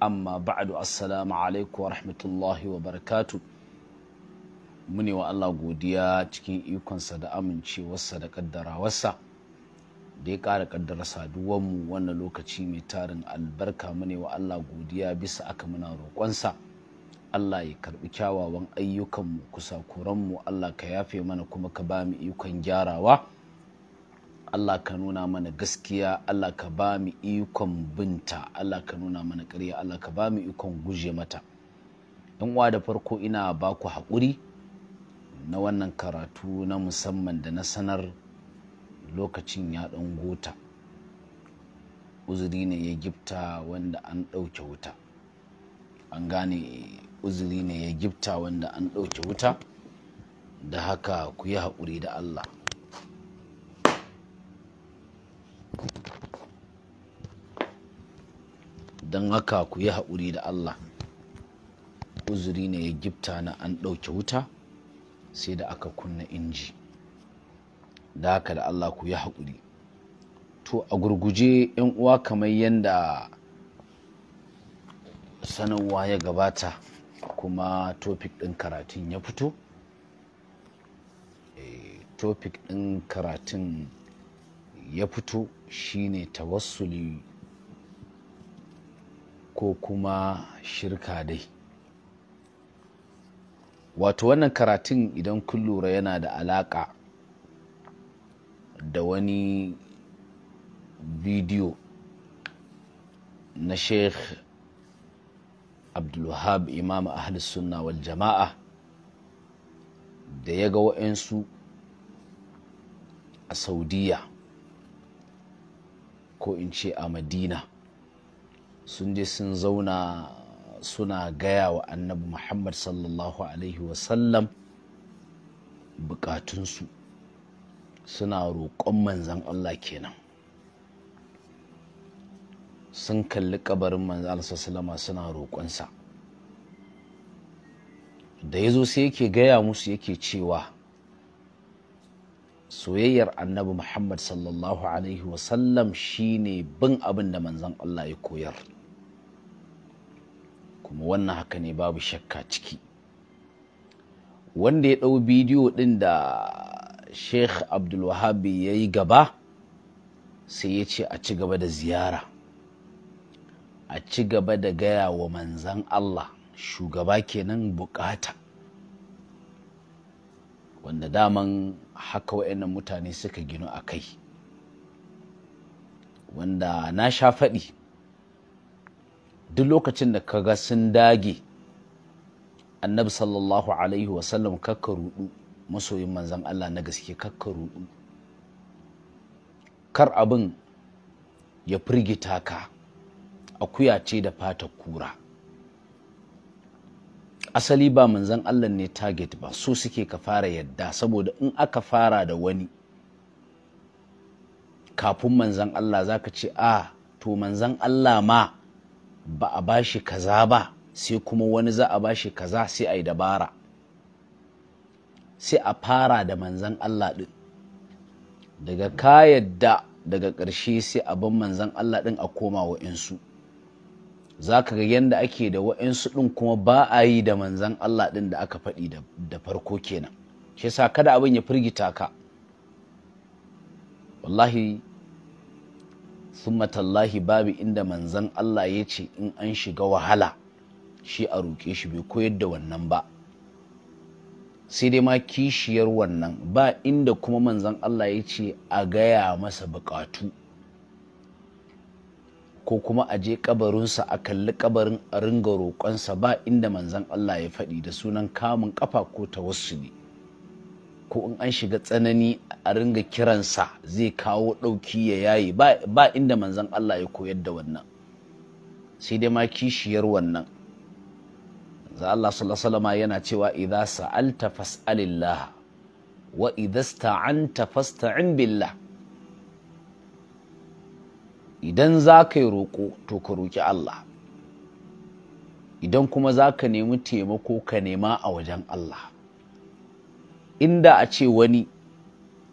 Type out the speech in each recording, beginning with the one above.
amma ba'adu assalamu alaikum wa rahmatullahi wa barakatu mune wa Allah godiya cikin ikonsa da amincewarsa da kaddarawarsa da ya ƙara kaddara saduwanmu wannan lokaci mai tarin albarka mune wa Allah godiya bisa aka muna roƙonsa Allah ya karɓi kyawawan ayyukanmu kusa kuranmu Allah ka yafe mana kuma ka ba mu ikon gyarawa Allah ka nuna mana gaskiya Allah ka ba mu ikon binta Allah ka nuna mana ƙarya Allah ka ba mu ikon guje mata yan uwa da farko ina ba ku haƙuri na wannan karatu na musamman da na sanar lokacin ya ɗan gota uzuri ne ya gifta wanda an ɗauke wuta an gane uzuri ne ya gifta wanda an ɗauke wuta da haka ku yi haƙuri da Allah don haka ku yi haƙuri da Allah uzuri ne ya gifta na an ɗauke wuta sai da aka kunna inji da haka da Allah ku yi haƙuri to a gurguje yan uwa kamar yadda sanarwa ya gabata kuma topic ɗin karatun ya fito eh, topic ɗin karatun ya fito shine tawassuli ko kuma shirka dai wato wannan karatun idan kun lura yana da alaƙa da wani bidiyo na sheikh abdulwahab imam ahlus sunna wal jama'a da ya ga wa'yansu a saudiya ko in ce a madina sun je sun zauna suna gaya wa annabi muhammad sallallahu alaihi wasallam bukatunsu suna roƙon manzan allah kenan sun kalli kabarin manzan sallama suna roƙonsa da ya zo sai yake gaya musu yake cewa soyayyar annabi muhammad sallallahu alaihi wasallam shine bin abin da manzon allah ya koyar kuma wannan haka ne babu shakka ciki wanda ya ɗau bidiyo ɗin da sheikh abdulwahabi ya yi gaba sai ya ce a ci gaba da ziyara a ci gaba da gaya wa manzan allah shugaba kenan bukata wanda daman haka wa'annan mutane suka gino a kai wanda na sha faɗi duk lokacin da ka ga sun dage annabi sallallahu alaihi wasallam kakka rudu masoyin manzan Allah na gaske kakka rudu kar abin ya firgita ka akuya ce da fata kura asali ba manzan Allah ne target ba so suke ka fara yadda saboda in aka fara da wani kafin manzan Allah za ka ce a to manzan Allah ma ba a bashi kaza ba sai kuma wani za a bashi kaza sai a yi dabara sai a fara da manzan Allah ɗin daga ka yadda daga ƙarshe sai abin manzan Allah ɗin a koma wa insu. za ka ga yadda ake da wa'insu ɗin kuma ba a yi da manzan Allah ɗin da aka faɗi da farko kenan shi yasa kada abin ya firgita ka wallahi summa tallahi babu inda manzan Allah ya ce in an shiga wahala shi a roƙe shi bai koyar da wannan ba sai dai ma kishiyar wannan ba inda kuma manzan Allah ya ce a gaya masa buƙatu ko kuma a je kabarinsa a kalli kabarin a ringa roƙonsa ba inda manzan Allah ya faɗi da sunan kamun ƙafa ko ta wasu ne, ko in an shiga tsanani a ringa kiransa zai kawo ɗauki ya yaye ba inda manzan Allah ya koyar da wannan sai dai ma kishiyar wannan za Allah sallallahu yana cewa idza sa'alta fas'alillah wa idza sta'anta fasta'in billah idan za ka yi roƙo to ka roƙi Allah idan kuma za ka nemi taimako ka nema a wajen Allah inda a ce wani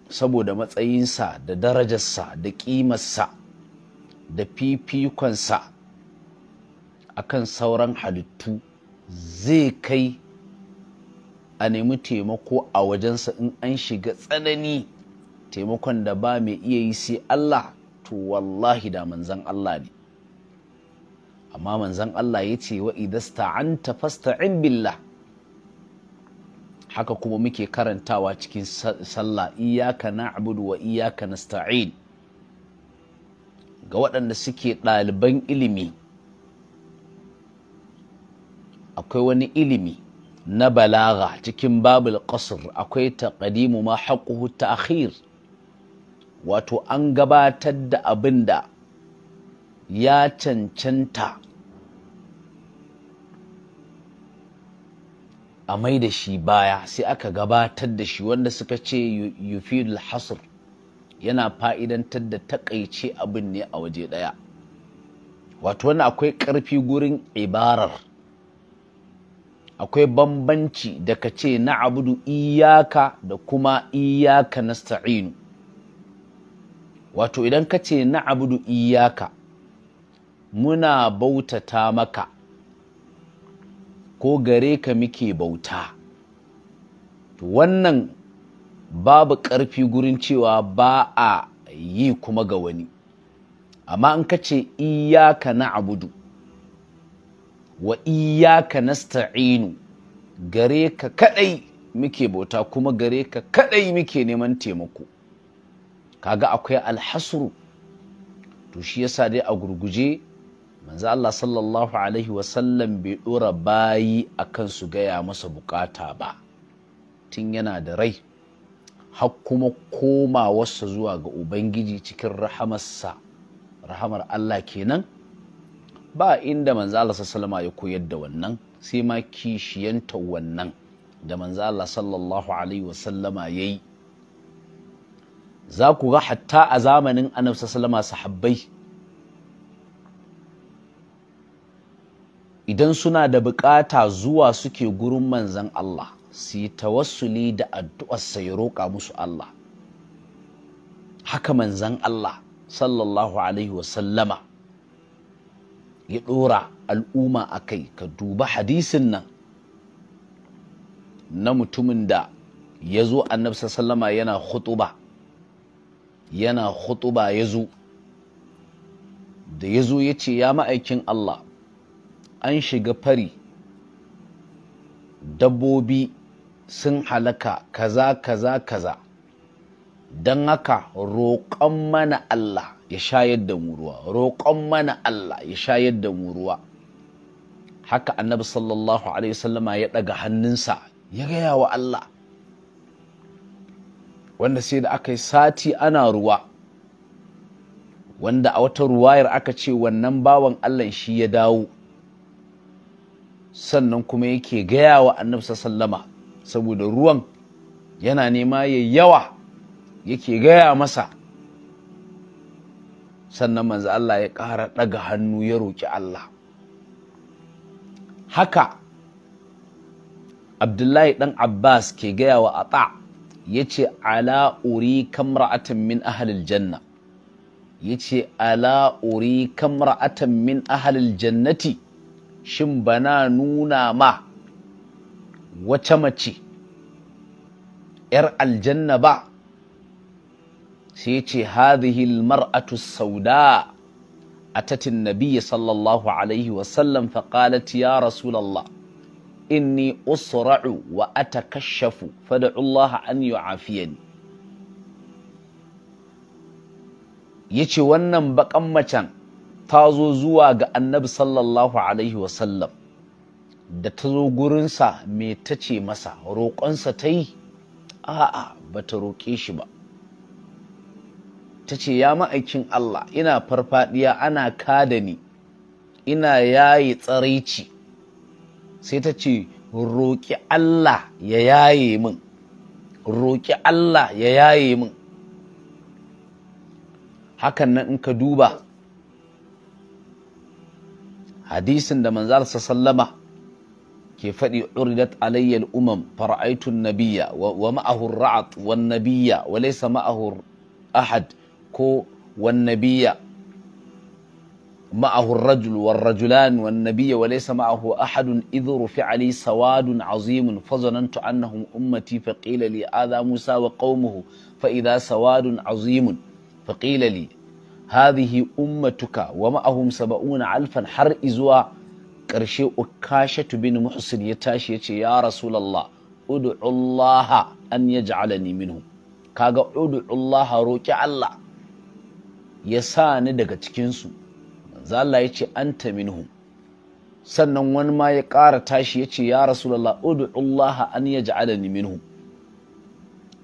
saboda matsayinsa da darajarsa da ƙimarsa da fifikonsa akan sauran halittu zai kai a nemi taimako a wajensa in an shiga tsanani taimakon da ba mai iya yi sai Allah to wallahi da manzan Allah ne amma manzan Allah ya ce wa idasta'anta fasta'in billah haka kuma muke karantawa cikin sallah iyaka na'budu wa iyaka nasta'in ga waɗanda suke ɗaliban ilimi akwai wani ilimi na balaga cikin babul qasr akwai taqdimu ma haqquhu ta'khir wato an gabatar da abin da ya cancanta a mai da shi baya sai aka gabatar da shi wanda suka ce yufidul hasr yana fa'idantar da takaice abin ne a waje ɗaya wato wani akwai ƙarfi gurin ibarar akwai bambanci da ka ce na abudu iyaka da kuma iyaka na nasta'inu wato idan ka ce na abudu iyaka muna bautata maka ko gare ka muke bauta wannan babu ƙarfi gurin cewa ba a yi kuma ga wani amma in ka ce iyaka na abudu wa iyaka na nasta'inu gare ka kadai muke bauta kuma gare ka kadai muke neman taimako kaga akwai alhasru to shi yasa dai a gurguje manzo Allah sallallahu alaihi wasallam bai dora bayi akan su gaya masa bukata ba tun yana da rai har kuma komawarsa zuwa ga ubangiji cikin rahamarsa rahamar Allah kenan ba inda manzo Allah sallama ya koyar da wannan sai ma kishiyanta wannan da manzo Allah sallallahu alaihi wasallama yayi za ku ga hatta a zamanin annabi sallama sahabbai idan suna da bukata zuwa suke gurin manzan Allah su yi tawassuli da addu'arsa ya roƙa musu Allah haka manzan Allah sallallahu alaihi wasallama ya ɗora al'umma a kai ka duba hadisin nan na mutumin da ya zo annabsa salama yana khutuba yana khutuba ya zo da ya zo ya ce ya ma'aikin Allah an shiga fari dabbobi sun halaka kaza kaza kaza don haka roƙon mana Allah ya shayar da muruwa roƙon mana Allah ya shayar da mu haka annabi sallallahu alaihi wasallama ya ɗaga hannunsa ya gaya wa Allah wanda sai da aka yi sati ana ruwa wanda a wata ruwayar aka ce wannan bawan allah shi ya dawo sannan kuma yake gaya wa annabsa sallama saboda ruwan yana nema ya yawa yake gaya masa sannan manzo Allah ya ƙara ɗaga hannu ya roƙi Allah haka abdullahi ɗan abbas ke gaya wa ata yace ala uri kamra'atan min ahlil janna yace ala uri kamra'atan min ahlil jannati shin bana nuna ma wata mace ‘yar aljanna ba sai ce hadhihi mar'atu sauda a tatin nabiya sallallahu alaihi wasallam faƙalat ya rasulallah inni usra'u wa atakashafu fad'u Allah an yu'afiyani yace wannan bakan macen ta zo zuwa ga Annabi sallallahu alaihi wasallam da ta zo gurinsa me ta ce masa roƙonsa ta yi a'a bata ta roƙe shi ba ta ce ya ma'aikin Allah ina farfadiya ana kada ni ina yayi tsaraici sai ta ce roƙi Allah ya yaye min roƙi Allah ya yaye min hakan nan in ka duba hadisin da manzarsa sallama ke faɗi uridat alayyal umam fara'aitun nabiya wa ma'ahu ra'at wan nabiya wa laysa ma'ahu ahad ko wan nabiya معه الرجل والرجلان والنبي وليس معه أحد إذ رفع لي سواد عظيم فظننت أنهم أمتي فقيل لي هذا موسى وقومه فإذا سواد عظيم فقيل لي هذه أمتك ومعهم سبعون ألفا حر إزوا ƙarshe ukasha bin muhsin ya tashi ya ce ya rasulallah ud'ullaha an yaj'alani minhu kaga ud'ullaha roki Allah ya sa ni daga cikinsu Za Allah ya ce an ta minhu. sannan wani ma ya ƙara tashi ya ce ya rasulallah Allah an minhu. minhu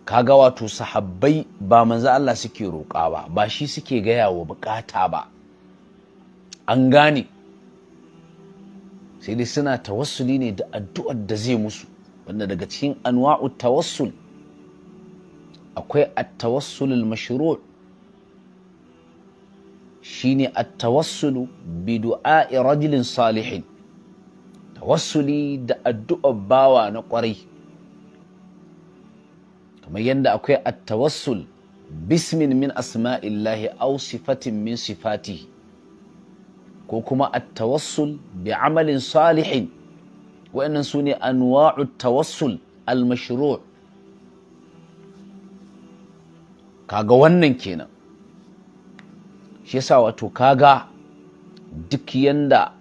kaga wato sahabbai ba manzo Allah suke roƙa ba ba shi suke gaya wa buƙata ba an gane sai dai suna tawassuli ne da addu'ar da zai musu wanda daga cikin anwa'u tawassul akwai at-tawassul al-mashru' shine at-tawassulu bi du'a'i rajulin salihin tawassuli da addu'ar bawa na kwarai kamar yadda akwai at-tawassul bismin min asma'illahi au sifatin min sifati ko kuma at-tawassul bi amalin salihin wa'annan ne anwa'u tawassul al-mashru' kaga wannan kenan shi yasa wato kaga duk yanda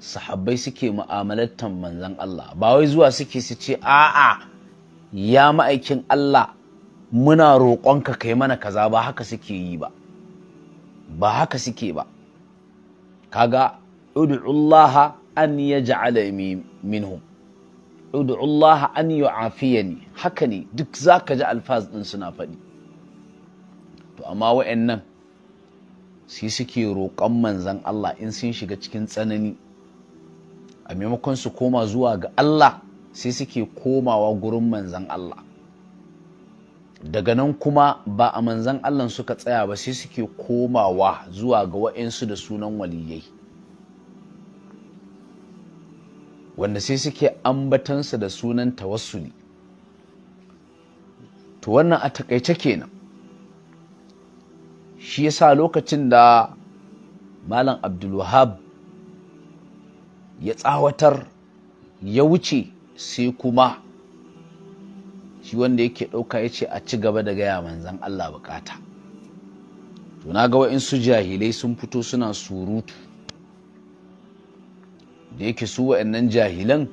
sahabbai suke mu'amalantar manzon Allah ba wai zuwa suke su ce a'a ya ma'aikin Allah muna roƙonka kai mana kaza ba haka suke yi ba ba haka suke ba kaga ud'ullaha an yaj'ala minhum ud'ullaha an yu'afiyani haka ne duk zaka ji alfaz din suna faɗi to amma wa'annan sai suke roƙon manzan Allah in sun shiga cikin tsanani a maimakon su koma zuwa ga Allah sai suke komawa gurin manzan Allah daga nan kuma ba a manzan Allah suka tsaya ba sai suke komawa zuwa ga wa'insu da sunan waliyai wanda sai suke ambatansa da sunan tawassuli to wannan a takaice kenan shi yasa lokacin da malam abdulwahab ya tsawatar ya wuce sai kuma shi wanda yake ɗauka ya ce a ci gaba da gaya manzan Allah bukata to na ga wa'insu jahilai sun fito suna surutu da yake su wa'annan jahilan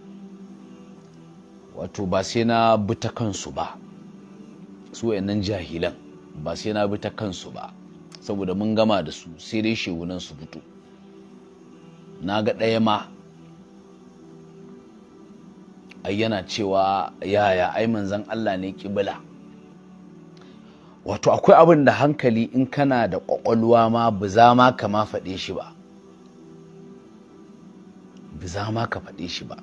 wato ba sai na bi ta kansu ba su wa'annan jahilan ba sai na bi ta kansu ba saboda mun gama da su sai dai shegunan su fito na ga ɗaya ma ai yana cewa yaya ai manzan Allah ne kibila wato akwai abin da hankali in kana da ƙwaƙwalwa ma ba za ma ka ma faɗe shi ba ba za ma ka faɗe shi ba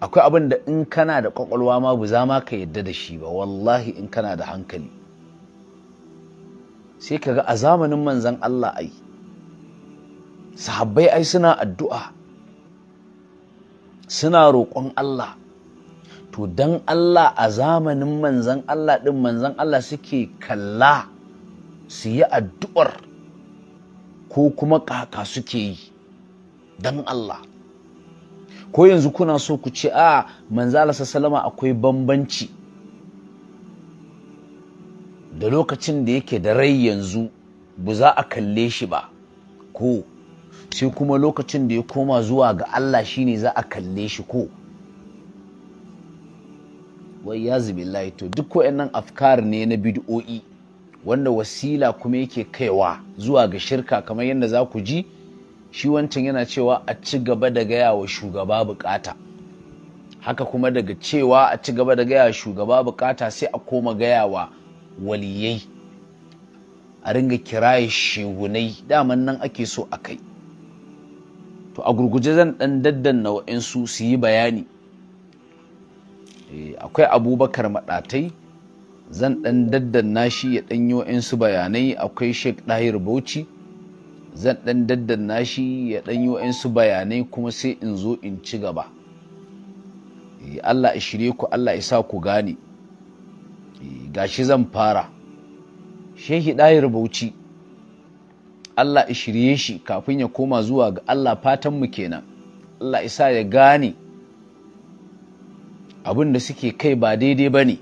akwai abin da in kana da ƙwaƙwalwa ma ba za ma ka yadda da shi ba wallahi in kana da hankali sai kaga a zamanin manzan Allah ai sahabbai ai suna addu'a suna roƙon Allah to dan Allah a zamanin manzan Allah ɗin manzan Allah suke kalla su yi addu'ar ko kuma kaka suke yi dan Allah ko yanzu kuna so ku ce a manzala sallama akwai bambanci da lokacin da yake da rai yanzu ba za a kalle shi ba ko sai kuma lokacin da ya koma zuwa ga Allah shi ne za a kalle shi ko wai ya zubillahi to duk wayannan afkar ne na bid'o'i wanda wasila kuma yake kaiwa zuwa ga shirka kamar yadda za ku ji shi wancan yana cewa a ci gaba da gaya wa shugaba bukata haka kuma daga cewa a ci gaba da gaya wa shugaba bukata sai a koma gaya wa waliyai a ringa kiraye shegunai daman nan ake so a kai to a gurguje zan ɗan daddanna wa'insu su yi bayani eh, akwai abubakar maɗatai zan ɗan daddanna shi ya ɗan yi wa'insu bayanai akwai sheik ɗahir bauchi zan ɗan daddanna shi ya ɗan yi wa'insu bayanai kuma sai in zo in ci gaba eh, Allah ya shirye ku Allah ya sa ku gane gashi zan fara shehi ɗayar bauchi Allah shirye shi kafin ya koma zuwa ga Allah fatanmu kenan Allah isa ya gane abin da suke kai ba daidai ba ne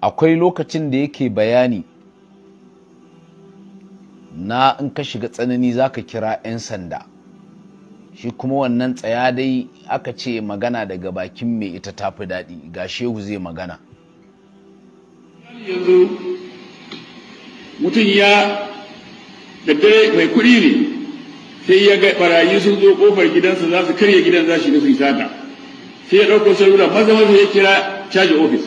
akwai lokacin da yake bayani na in ka shiga tsanani za ka kira 'yan sanda shi kuma wannan tsaya dai aka ce magana daga bakin mai ita tafi daɗi ga shehu zai magana yanzu mutum ya da mai kuɗi ne sai ya ga barayi sun zo kofar gidansa za su karya gidan za shi da su sata sai ya ɗauko salula maza maza ya kira caji ofis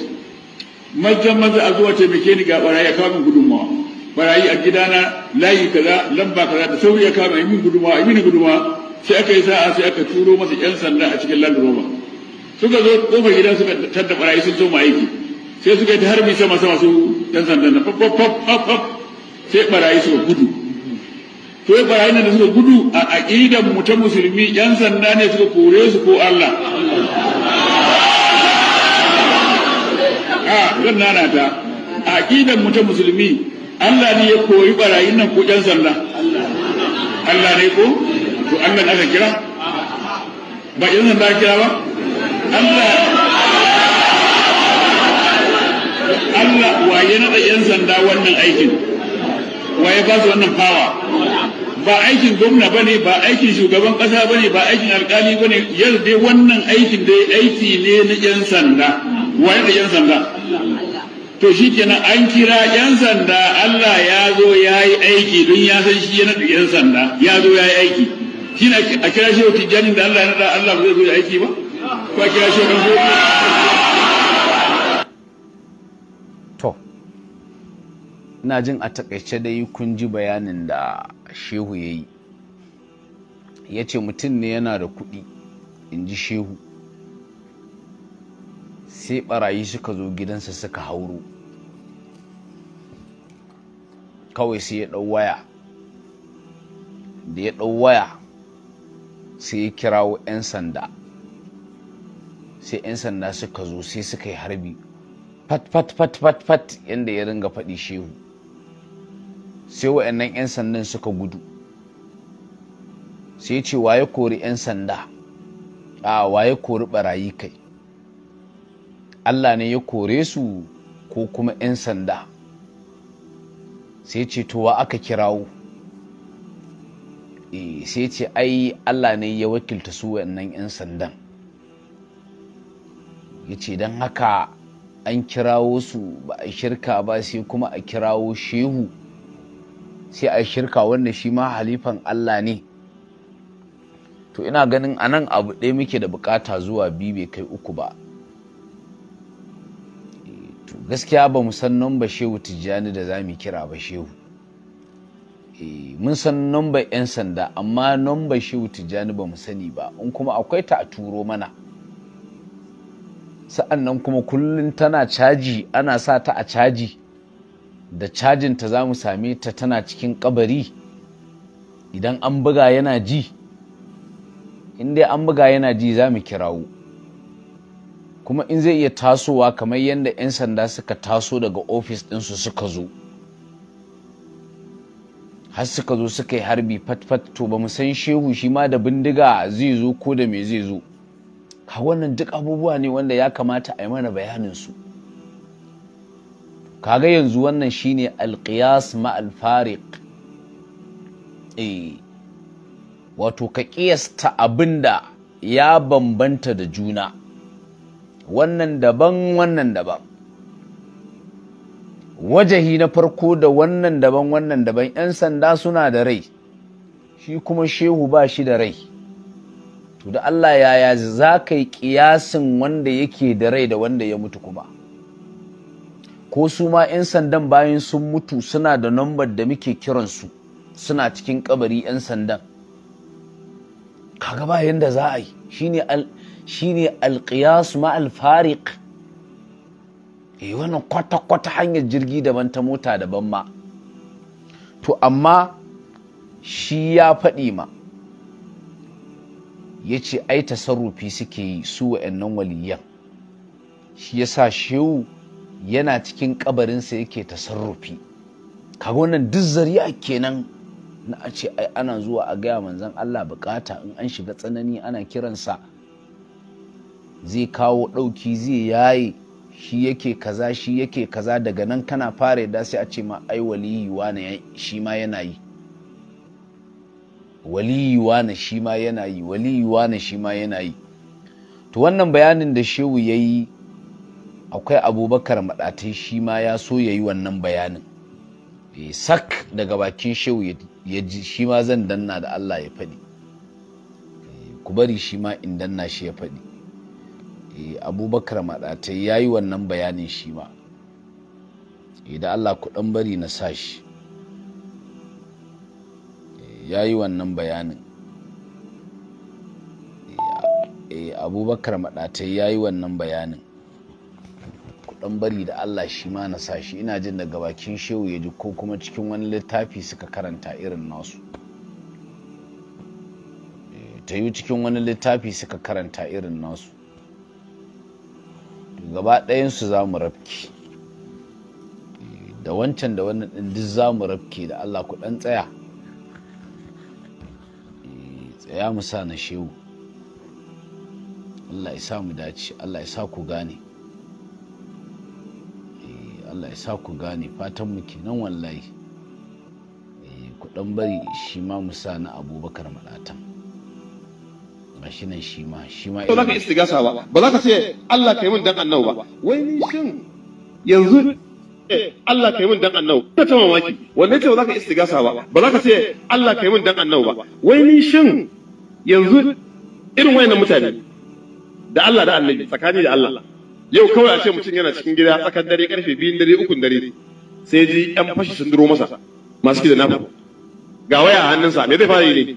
maza maza a zuwa taimake ni ga barayi a kawo min gudunmawa barayi a gidana layi kaza lamba kaza da sauri ya kawo min gudunmawa a gudunmawa sai aka yi sa'a sai aka turo masa yan sanda a cikin land rover suka zo kofar gida suka tadda barayi sun so aiki sai suka yi ta harbi sama sama su yan sanda na pop pop pop sai barayi suka gudu to yi barayi da suka gudu a aqidan mu ta musulmi yan sanda ne suka kore su ko Allah a ah, zan nana ta a aqidan mu ta musulmi Allah ne ya koyi barayin nan ko yan sanda Allah ne ko to Allah aka kira ba irin da kira ba Allah Allah waye na da yan sanda wannan aikin waye ba su wannan fawa ba aikin gwamna bane ba aikin shugaban kasa bane ba aikin alkali bane yanzu dai wannan aikin dai aiki ne na yan sanda waye da yan sanda to shi kenan an kira yan sanda Allah ya zo ya yi aiki don ya san shi ya naɗa yan sanda ya zo ya yi aiki shi na a kira shi da Allah ya nada Allah zai aiki ba ko a kira shi to ina jin a takaice dai kun ji bayanin da shehu ya yi ya ce mutum ne yana da kuɗi in ji shehu sai barayi suka zo gidansa suka hauro kawai sai ya ɗau waya da ya ɗau waya sai ya kirawo 'yan sanda sai 'yan sanda suka zo sai suka yi harbi fat fat fat fat fat yadda ya ringa faɗi shehu sai wa'annan 'yan sandan suka gudu sai ce wa ya kori 'yan sanda a wa ya kori barayi kai Allah ne ya kore su ko kuma 'yan sanda sai ce to wa aka kirawo E, sai ce ai Allah ne ya wakilta su wannan 'yan sandan ya ce don haka an kirawo su ba a shirka ba sai kuma a kirawo shehu sai a shirka wanda shi ma halifan Allah ne to ina ganin anan abu ɗaya muke da bukata zuwa biyu bai kai uku ba e, gaskiya ba mu san nan ba shehu tijjani da za mu kira ba shehu Eh, mun san nomba 'yan sanda amma nomba shehu tijjani ba mu sani ba in kuma akwai ta a turo mana sa'an nan kuma kullum tana caji ana sa ta a caji da cajin ta za mu same ta tana cikin kabari idan an buga yana ji in dai an buga yana ji za mu kirawo kuma in zai iya tasowa kamar yadda 'yan sanda suka taso daga ofis ɗinsu suka zo har suka zo suka yi harbi fatfat to ba mu san shehu shi ma da bindiga zai zo ko da me zai zo ka wannan duk abubuwa ne wanda ya kamata a yi mana bayanin bayaninsu kaga yanzu wannan shine alƙiyas ma alfariq eh wato ka ƙiyasta abin da ya bambanta da juna wannan daban wannan daban wajahi na farko da wannan daban wannan daban 'yan sanda suna da rai shi kuma shehu ba shi da rai to da Allah yaya za ka yi ƙiyasin wanda yake da rai da wanda ya mutu kuma ko su ma 'yan sandan bayan sun mutu suna da nambar da muke kiransu suna cikin kabari 'yan sandan kaga ba yadda za a yi shine alƙiyas ma alfariq eh wannan kwata-kwata hanyar jirgi daban ta mota daban ma to amma shi ya faɗi ma ya ce ai tasarrufi suke yi su wa'annan waliyan shi ya sa shehu yana cikin kabarinsa yake tasarrufi kaga wannan duk zariya kenan na a ce ai ana zuwa a gaya manzan Allah bukata in an shiga tsanani ana kiransa zai kawo ɗauki zai yaye shi yake kaza shi yake kaza daga nan kana fara da sai a ce ma ai waliyi na shi ma yana yi waliyi na shi ma yana yi waliyi na shi ma yana yi to wannan bayanin da shehu ya yi akwai abubakar maɗatai shi ma ya so ya yi wannan bayanin e, sak daga bakin shehu ya ji shi ma zan danna da Allah ya faɗi e, ku bari shi ma in danna shi ya faɗi Eh, abubakar maɗatai ya yi wannan bayanin shi ma idan eh, allah ku ɗan bari na sa shi eh, ya yi wannan bayanin abubakar maɗatai ya yi wannan bayanin ku ɗan bari da allah shi ma na sa shi ina jin daga bakin shehu ya ji ko kuma cikin wani littafi suka karanta irin nasu ta yi cikin wani littafi suka karanta irin nasu gaba ɗayansu za mu rafke da wancan da wannan ɗin duk za mu rafke da allah ku ɗan tsaya eh, tsaya mu sa na shehu allah ya sa mu dace allah ya sa ku gane eh, allah ya sa ku gane fatan mu kenan wallahi eh, ku ɗan bari shi ma mu sa na abubakar maɗatan shi nan shi ma shi ma ba za ka istigasa ba ba za ka ce Allah ka yi mun dan annabi ba wai ni shin yanzu eh, Allah ka yi mun dan annabi ta ta mamaki wanda ce ba za ka istigasa ba ba za ka ce Allah ka yi mun dan annabi ba wai ni shin yanzu irin wayannan mutane da Allah da annabi tsakani da Allah yau kawai a ce mutum yana cikin gida tsakan dare karfe 2 dare 3 dare sai ji yan fashi sun duro masa masu kida nafa ga waya a hannunsa me zai fara yi ne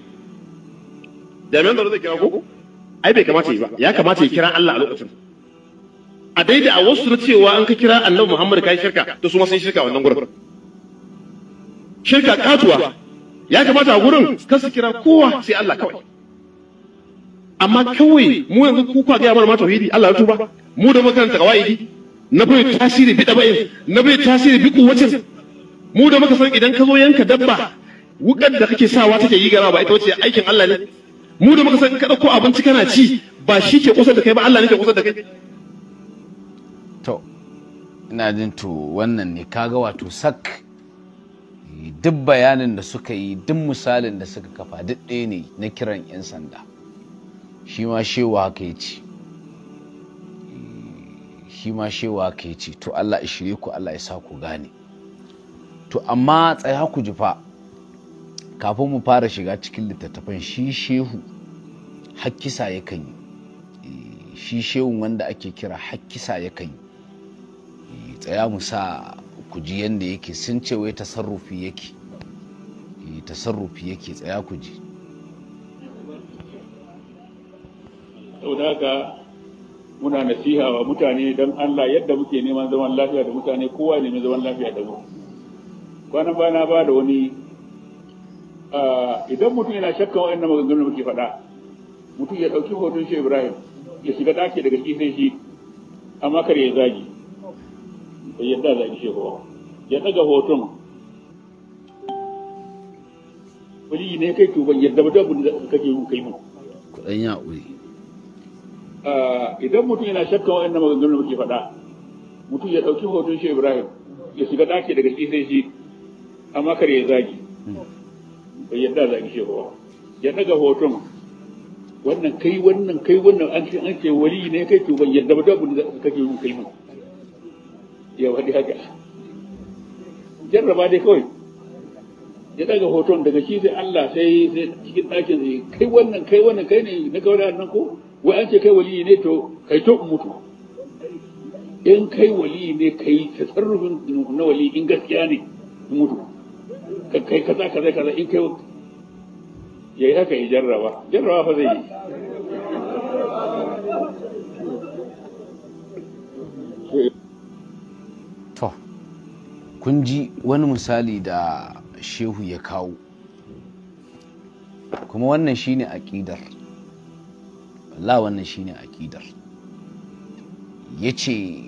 jami'an tsaro zai kira ko ai bai kamata yi ba ya kamata ya kira Allah a lokacin a daidai a wasu cewa an ka kira annabi Muhammad kai shirka to su ma sun shirka wannan gurin shirka katuwa ya kamata a gurin kar su kira kowa sai Allah kawai amma kawai mu yanzu ku kwa gaya mana ma tauhidi Allah ya tuba mu da makaranta kawaidi na bai tasiri bi dabain na bai tasiri bi kuwacin mu da muka san idan ka zo yanka dabba wukan da kake sawa take yi gara ba ita wace aikin Allah ne mu da muka san ka ɗauko abinci kana ci ba shi ke kusa da kai ba Allah ne ke kusa da kai to ina jin to wannan ne kaga wato sak duk bayanin da suka yi duk misalin da suka kafa duk ɗaya ne na kiran 'yan sanda shi ma shewa haka ya ce shi ma shewa haka ya ce to Allah ya shirye ku Allah ya sa ku gane to amma tsaya ku ji fa kafin mu fara shiga cikin littattafan shi shehu hakkisa ya kan yi eh, shi shehun wanda ake kira hakkisa ya kan yi eh, tsaya mu sa ku yadda yake sun ce wai tasarrufi yake eh, tasarrufi yake tsaya ku ji haka muna nasiha wa mutane don Allah yadda muke neman zaman lafiya da mutane kowa ne mai zaman lafiya da mu kwanan bana ba da wani Eh, idan mutum yana shakkan wa'in na maganganu muke faɗa mutum ya ɗauki hoton shi Ibrahim ya shiga ɗaki daga shi sai shi amma kar ya zagi bai yadda zagi shi ya ɗaga hoton yi ne kai to ban yadda ba dabu da kake yi kai mu kuɗan ya uri eh, idan mutum yana shakkan wa'in na maganganu muke faɗa mutum ya ɗauki hoton shi Ibrahim ya shiga ɗaki daga shi sai shi amma kar ya zagi hmm. bai yarda za ki shehu ya daga hoton wannan kai wannan kai wannan an ce an ce wali ne kai to ban yarda ba da abin da kake yi kai mun ya wadi haka jarraba dai kawai ya daga hoton daga shi sai Allah sai sai cikin ɗakin sai kai wannan kai wannan kai ne na kawai nan ko wai an ce kai wali ne to kai to mutu in kai wali ne kai tasarrufin na wali in gaskiya ne mutu kai kaza kaza kaza in kai ya yi haka ya jarraba jarraba fa zai yi to kun ji wani misali da shehu ya kawo kuma wannan shine aƙidar wallahi wannan shine aƙidar ya ce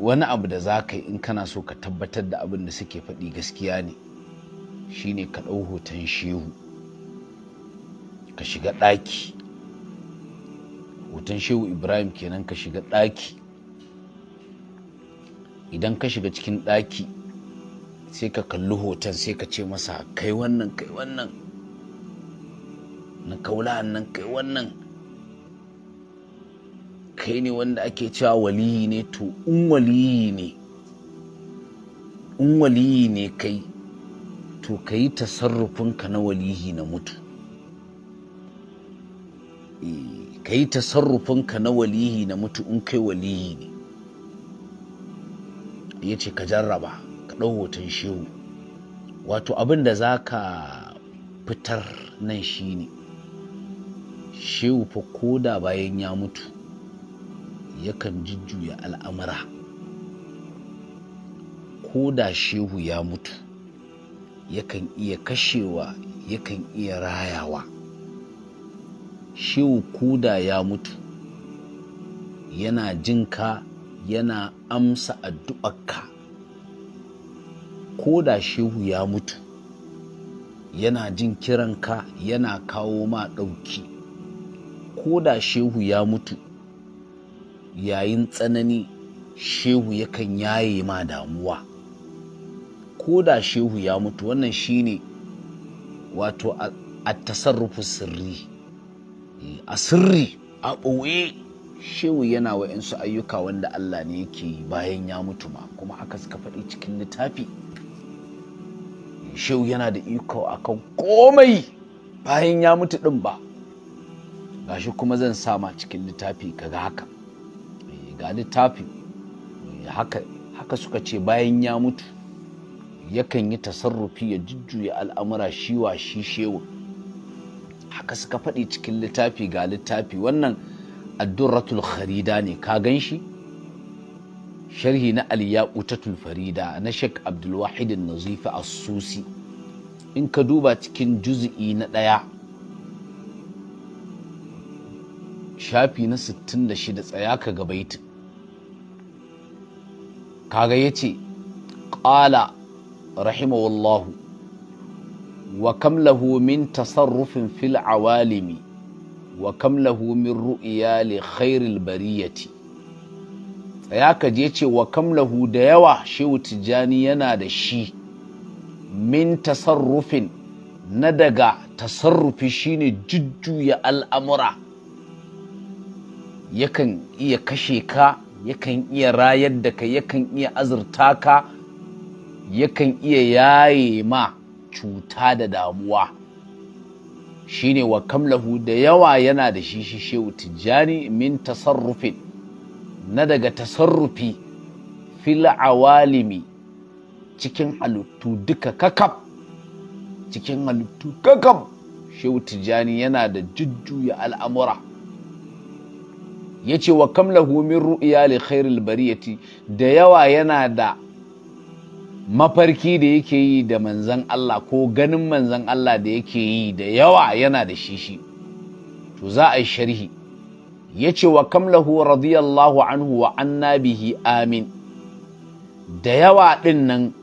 wani abu da za ka yi in kana so ka tabbatar da abin da suke faɗi gaskiya ne shine ka ɗau hoton shehu ka shiga ɗaki hoton shehu ibrahim kenan ka shiga ɗaki idan ka shiga cikin ɗaki sai ka kalli hoton sai ka ce masa kai wannan kai wannan na kaula nan kai wannan kai ne wanda ake cewa waliyi ne to in waliyi ne in waliyi ne kai to ka yi tasarrufinka na waliyi na mutu eh, ka tasarrufinka na waliyi na mutu in kai waliyi ne ya ce ka jarraba ka ɗau hoton shehu wato abin da za ka fitar nan shi ne shehu fa koda bayan ya mutu yakan jujjuya al'amura ko da shehu ya mutu yakan iya kashewa yakan iya rayawa shehu ko da ya mutu yana jinka yana amsa addu'arka ko da shehu ya mutu yana jin kiranka yana kawo ma ɗauki ko da shehu ya mutu yayin tsanani shehu yakan yaye ma damuwa ko da shehu ya mutu wannan shine wato a tasarrufu sirri eh, a sirri a ɓoye shehu yana wa'insu ayyuka wanda Allah ne yake bayan ya mutu ma kuma aka suka faɗi cikin littafi shehu yana da iko akan komai bayan ya mutu ɗin ba gashi kuma zan sama cikin littafi kaga haka ga littafi haka haka suka ce bayan ya mutu yakan yi tasarrufi ya jujjuya al'amura shi wa shi shewa haka suka faɗi cikin littafi ga littafi wannan addurratul kharida ne ka gan shi sharhi na aliyaqutatul farida na Sheikh Abdul Wahid Nazifi As-Susi in ka duba cikin juz'i na ɗaya shafi na 66 tsaya ka gabaitin kaga ya ce ƙala rahimahullahu wa kam lahu min tasarrufin fil awalimi wa kam lahu min ru'iya li khairil bariyati tsaya ka je ce wa kam lahu da yawa shehu tijjani yana da shi min tasarrufin na daga tasarrufi shine jujjuya al'amura yakan iya kashe ka yakan iya rayar da kai yakan iya azurta ka yakan iya yaye ma cuta da damuwa shine wa kamlahu da yawa yana da shi shi shehu tijjani min tasarrufin na daga tasarrufi fil awalimi cikin halittu duka kakab cikin halittu kakab shehu tijjani yana da jujjuya al'amura Ya ce wa kam min ru'ya li khairil bariyati da yawa yana da mafarki da yake yi da manzan Allah ko ganin manzan Allah da yake yi da yawa yana da shi shi to za a yi sharhi ce wa kam hu radiyallahu anhu wa anna bihi amin da yawa din nan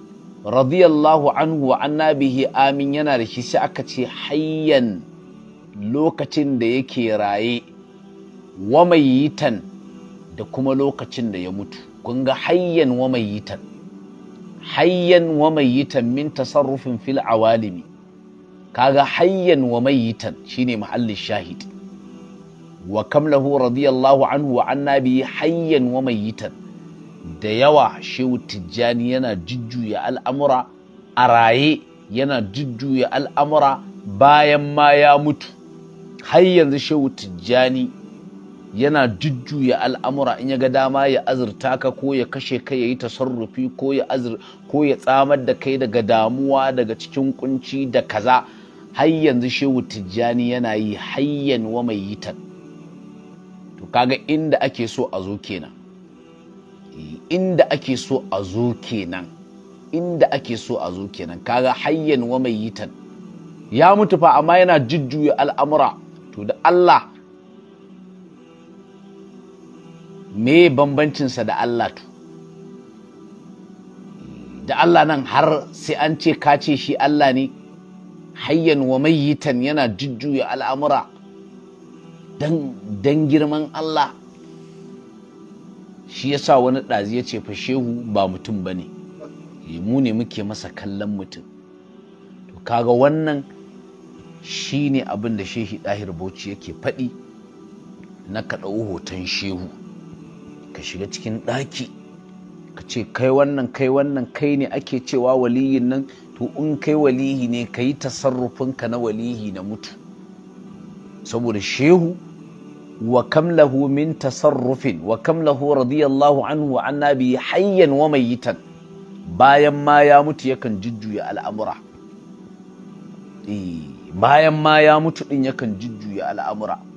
radiyallahu anhu wa anna bihi amin yana da shi sai aka ce hayyan lokacin da yake raye Wamayitan da kuma lokacin da ya mutu kun ga hayyan wa hayyan wa min tasarrufin fil awalimi kaga hayyan wamayitan, mayitan shine mahallin shahid wa kam lahu radiyallahu anhu wa anna hayyan wa mayitan da yawa shehu tijjani yana jujjuya al'amura a raye yana jujjuya al'amura bayan ma ya mutu har yanzu shehu tijjani yana jujjuya al'amura in ya ga dama ya azurta ka ko ya kashe ka ya yi tasarrufi ko ya azur ko ya tsamar da kai daga damuwa daga cikin kunci da kaza har yanzu shehu tijjani yana yi hayyan wa mai yi to kaga eh, inda ake so a zo kenan inda ake so a zo kenan inda ake so a zo kenan kaga hayyan wa mai yitan ya mutu fa amma yana jujjuya al'amura to da Allah me bambancinsa da Allah to da Allah nan har sai an ce ka ce shi Allah ne hayyan wa mayyitan yana jujjuya al'amura dan girman Allah shi ya sa wani ɗazi ya ce fa shehu ba mutum ba ne mu ne muke masa kallon mutum to kaga wannan shi ne abin da shehi ɗahir bauchi yake faɗi na kaɗau hoton shehu ka shiga cikin ɗaki ka ce kai wannan kai wannan kai ne ake cewa waliyin nan to in kai walihi ne ka yi tasarrufinka na walihi na mutu saboda shehu wa kam lahu min tasarrufin wa kam lahu radiyallahu anhu wa annabi hayyan wa mayitan bayan ma ya mutu yakan jujjuya al'amura eh, bayan ma ya mutu din yakan jujjuya al'amura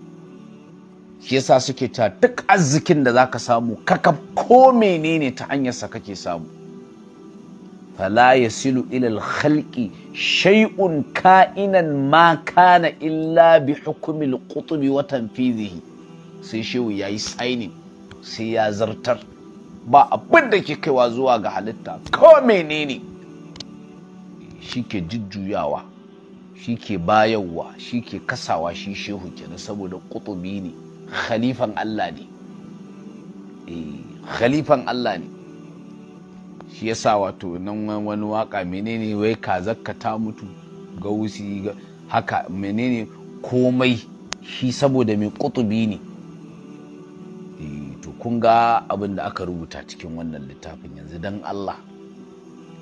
shi yasa suke ta duk arzikin da zaka samu kakaf ko menene ta hanyarsa kake samu fala yasilu silu al-khalqi shay'un ka'inan ma kana illa bi hukmi watan qutb wa sai shehu yayi signing sai ya zartar ba abin da ke kaiwa zuwa ga halitta ko menene shi ke jujjuyawa shi ke bayarwa shi ke kasawa shi shehu kenan saboda kutubi ne khalifan Allah ne eh, khalifan Allah ne shi sa wato nan wani waka menene wai ka ta mutu ga wusi haka menene komai shi saboda mai kutubi ne eh, to kun ga abin da aka rubuta cikin wannan littafin yanzu don Allah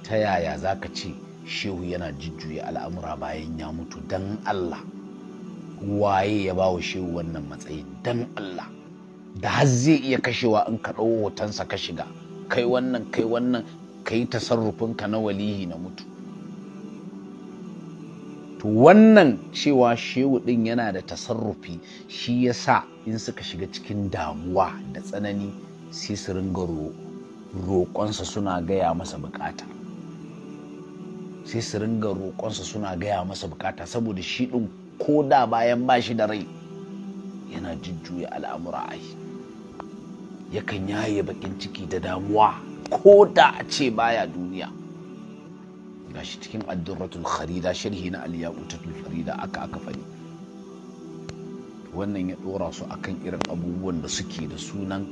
ta yaya za ka ce shehu yana jujjuya al'amura bayan ya mutu don Allah waye ya ba wa shehu wannan matsayi dan Allah da har zai iya kashewa in ka ɗau hotonsa ka shiga kai wannan kai wannan ka yi tasarrufinka na walihi na mutu to wannan cewa shehu ɗin yana da tasarrufi shi ya sa in suka shiga cikin damuwa da tsanani sai su ringa roƙonsa suna gaya masa bukata sai su ringa roƙonsa suna gaya masa bukata saboda shi ɗin ko da bayan ba shi da rai yana jujjuya al'amura ai yakan yaye bakin ciki da damuwa ko da a ce baya duniya shi cikin addurratul kharida sharhi na utatul farida aka aka fari. wannan ya dora su akan irin abubuwan da suke da sunan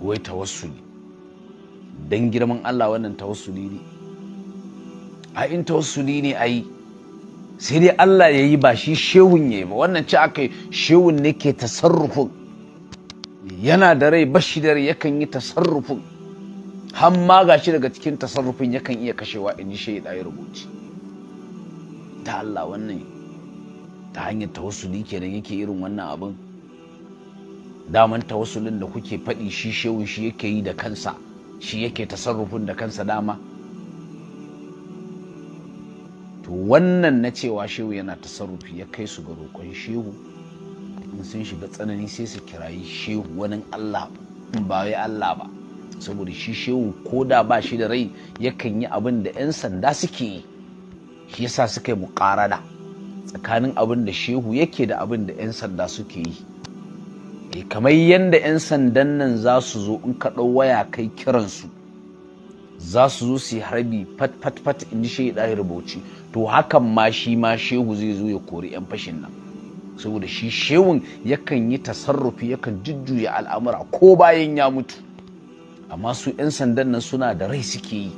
wai tawassuli dan girman Allah wannan tawassuli ne a in tawassuli ne ai sai dai Allah ya yi ba shi shehun ya yi ba wannan ci aka yi shehun ne ke tasarrufin yana da rai bashi da rai yakan yi tasarrufin har ma gashi daga cikin tasarrufin yakan iya kashewa in ji shaida ya rubuci ta Allah wannan ta hanyar tawassuli kenan yake irin wannan abin daman tawassulin da kuke faɗi shi shehun shi yake yi da kansa shi yake tasarrufin da kansa dama to wannan na cewa shehu yana tasarrufi ya kai su ga roƙon shehu in sun shiga tsanani sai su kirayi shehu wani Allah ba wai Allah ba saboda shi shehu ko da ba shi da rai yakan yi abin da 'yan sanda suke yi shi yasa suka yi muƙarana tsakanin abin da shehu yake da abin da 'yan sanda suke yi eh, kamar yadda 'yan sandan nan za su zo in ka ɗau waya kai kiransu za su zo su yi harbi fat fat fat in ji shehu ɗahir rubuci to hakan ma shi ma shehu zai zo ya kori 'yan fashin nan saboda shi shehun yakan yi tasarrufi yakan jujjuya al'amura ko bayan ya mutu amma su 'yan sandan nan suna da rai suke yi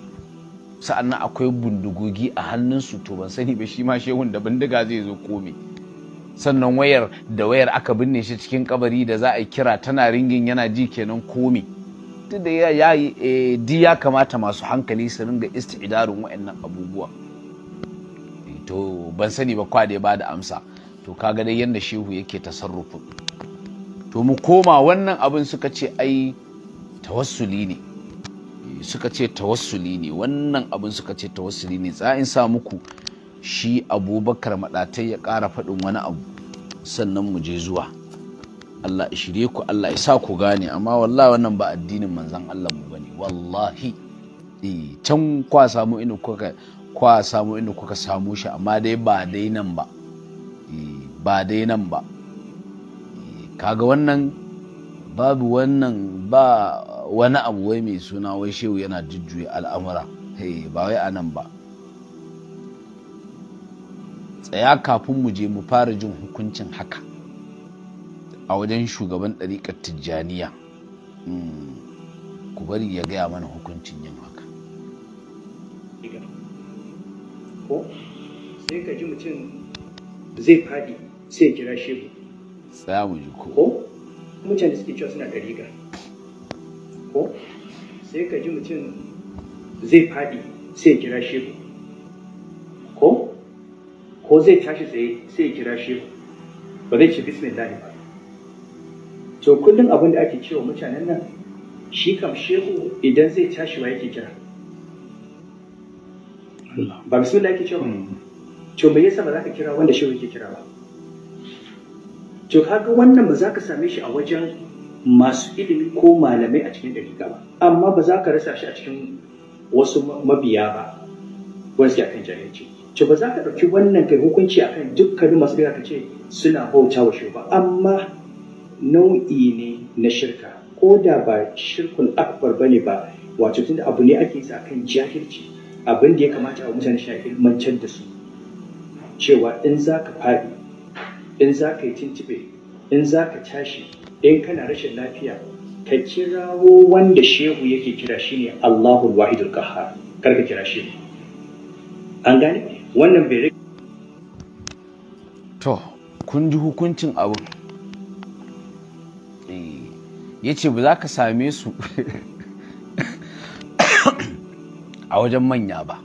sa'annan akwai bindigogi a hannunsu to ban sani ba shi ma shehun da bindiga zai zo kome sannan wayar da wayar aka binne shi cikin kabari da za a kira tana ringin yana ji kenan kome duk da ya yayi eh, di ya kamata masu hankali su ringa isti'darin wa'annan abubuwa eh, to ban sani ba kwa da ba da amsa to kaga dai yanda shehu yake tasarrufin to mu koma wannan abin suka ce ai tawassuli ne eh, suka ce tawassuli ne wannan abin suka ce tawassuli ne tsa'in sa muku shi abubakar maɗatai ya ƙara faɗin wani abu sannan mu je zuwa Allah ya shirye ku Allah ya sa ku gane amma wallahi wannan ba addinin manzon Allah mu bane wallahi eh can kwa samu inda kuka kwa samu inda kuka samu shi amma dai ba dai nan ba eh, ba dai nan ba eh, kaga wannan babu wannan ba wani abu wai mai suna wai shehu yana jujjuya al'amura eh, ba wai a nan ba tsaya kafin mu je mu fara jin hukuncin haka a wajen shugaban ɗariƙar tijjaniya hmm. ku bari ya gaya mana hukuncin yin haka ko sai ka ji mutum zai faɗi sai kira shehu tsaya mu ji ko mutum da suke cewa suna ɗariƙa ko sai ka ji mutum zai faɗi sai kira shehu ko ko zai tashi tsaye sai kira shehu ba zai ce bismillah ba so kullum abin da ake cewa mutanen nan shi kam shehu idan zai tashi wa yake kira ba bismillah yake cewa mm-hmm. to me yasa ba za ka kira wanda shehu yake kira ba to kaga wannan ba za ka same shi a wajen masu ilimi ko malamai a cikin dariƙa ba amma ba za ka rasa shi a cikin wasu mabiya ba wanda suke akan jahilci to ba za ka ɗauki wannan kai hukunci akan dukkanin masu ka ce suna bauta wa shehu ba amma nau'i ne na shirka ko da ba shirkun akbar ba ne ba wato tunda abu ne ake sa kan jahilci abin da ya kamata a mutane shi ilmantar da su cewa in za ka faɗi in za ka yi tuntuɓe in za ka tashi in kana rashin lafiya ka kirawo wanda shehu yake kira shi ne, Allahul Wahidul Qahhar kar ka kira shi an gane wannan bai to kun ji hukuncin abin ya ce ba za ka same su a wajen manya ba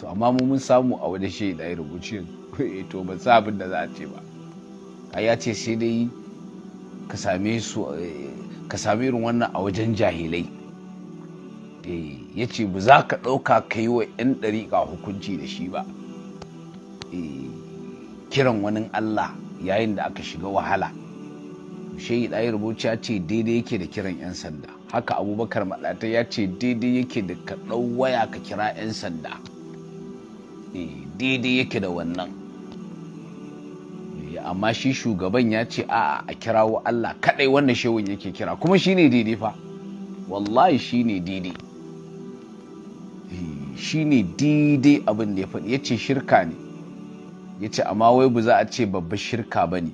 to amma mu mun samu a wajen shi da ya rubuci eh, to ba sa abin da za a ce ba a ya ce sai dai eh, ka same irin wannan a wajen jahilai eh, ya ce ba za ka ɗauka ka yi wa 'yan ɗariƙa hukunci da shi ba kiran wani allah yayin da aka shiga wahala shehi ɗaya rubuci ya ce daidai yake da kiran 'yan sanda haka abubakar maɗata ya ce daidai yake da ka waya ka kira 'yan sanda eh, daidai yake da wannan eh, amma shi shugaban ya ce a a wa Allah kaɗai wannan shewun yake kira kuma shi ne daidai fa wallahi shi ne daidai eh, shi ne daidai abin da ya faɗi ya ce shirka ne ya ce amma wai bu za a ce babbar shirka ba ne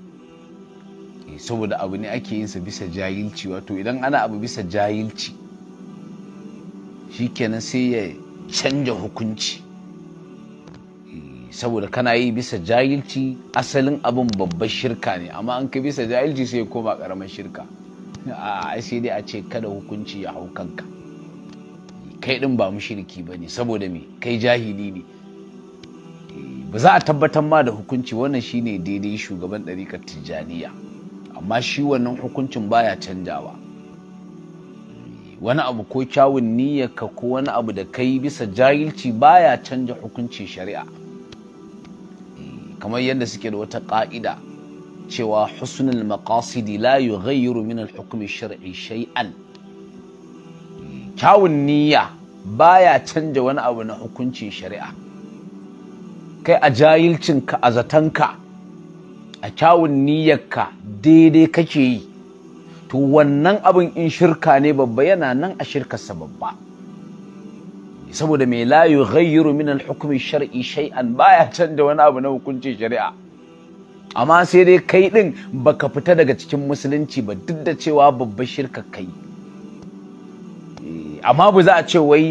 saboda abu ne ake yinsa bisa jahilci wato idan ana abu bisa jahilci shikenan sai ya canja hukunci eh, saboda kana yi bisa jahilci asalin abin babbar shirka ne amma an ka bisa jahilci sai ya koma karamar shirka a sai dai a ce kada hukunci ya hau kanka kai din ba mushriki ba ne saboda me kai jahili ne eh, ba za a tabbatar ma da hukunci wannan shine daidai shugaban ɗariƙar tijjaniya amma shi wannan hukuncin baya canjawa wani abu ko kyawun niyyarka ko wani abu da kayi bisa jahilci baya canja hukuncin shari'a kamar yadda suke da wata ƙa'ida cewa husnul maqasidi la yughayyiru min al hukmi shar'i shay'an kyawun niyya baya canja wani abu na hukuncin shari'a kai a jahilcinka a zatanka a kyawun niyyarka daidai kake yi to wannan abin in shirka ne babba yana nan a shirkarsa babba saboda mai layu ghayyiru min al-hukmi shar'i shay'an baya canza wani abu na hukuncin shari'a amma sai dai kai din baka fita daga cikin musulunci ba duk da cewa babba shirka kai eh, amma ba za a ce wai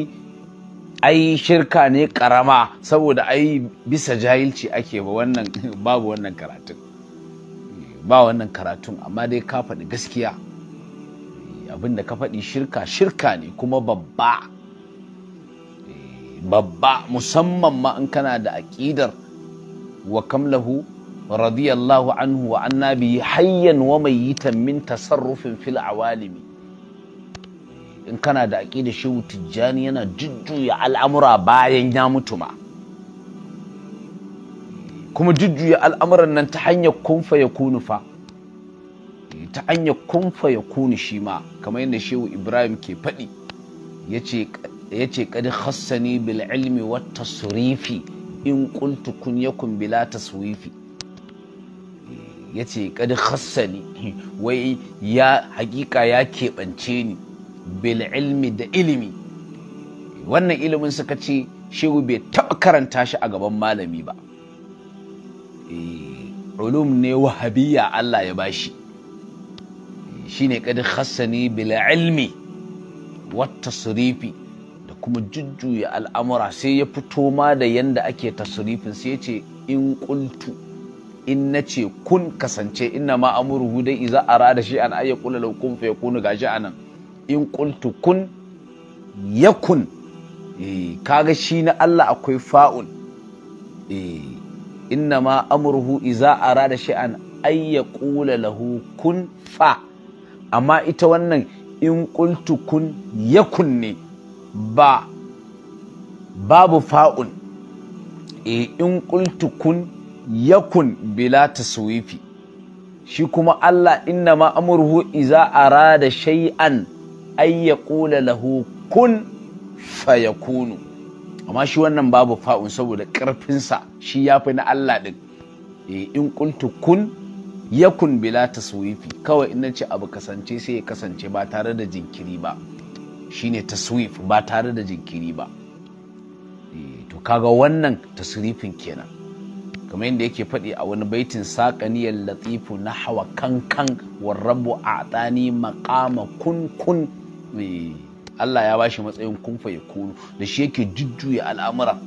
ai shirka ne karama saboda ai bisa jahilci ake ba wannan babu wannan karatun ba wannan karatun amma dai ka faɗi gaskiya eh, abinda ka faɗi shirka shirka ne kuma babba eh, babba musamman ma in kana da aƙidar wa kamlahu radiyallahu anhu wa annabi hayyan wa mayyitan min tasarrufin fil awalimi eh, in kana da aƙidar shehu tijjani yana jujjuya al'amura bayan ya mutu ma kuma jujjuya al'amuran nan ta hanyar kunfa ya kunu fa hmm, ta hanyar kunfa ya kunu shi ma kamar yadda shehu ibrahim ke faɗi ya ce ƙadi hassani bil ilmi wata surifi in kuntu kun yakun bila taswifi hmm, ya ce ƙadi hassani wai ya hakika ya keɓance ni bil ilmi da ilimi wannan ilimin suka ce shehu bai taɓa karanta shi a gaban malami ba Eh, ulum ne wahabiya Allah ya bashi eh, shine kad Hassani bil ilmi wat da kuma jujjuya al'amura sai ya fito ma da yanda ake tasrifin sai ya ce in kuntu in ce kun kasance inna ma amruhu dai iza arada shi an ayya kula law kun fa yakunu gashi anan in kuntu kun yakun eh, kaga shi na Allah akwai fa'un eh inna ma amurhu iza arada shay'an ay yaqula lahu kun fa amma ita wannan in qultu kun yakun ne ba babu fa'un e in qultu kun yakun bila taswifi shi kuma Allah inna ma amurhu iza arada shay'an ay yaqula lahu kun fayakunu amma shi wannan babu fa'un saboda ƙarfinsa shi ya fi na Allah ɗin eh, in kuntu kun yakun bila taswifi kawai in ce abu kasance sai ya kasance ba tare da jinkiri ba shine taswif ba tare da jinkiri ba eh, to kaga wannan taswifin kenan kamar yadda yake faɗi a wani baitin saƙaniyar latifu na hawa kankan warrabu a tsani maƙama kun kun eh. Allah ya bashi matsayin kumfa ya kono da shi yake jujjuya al'amura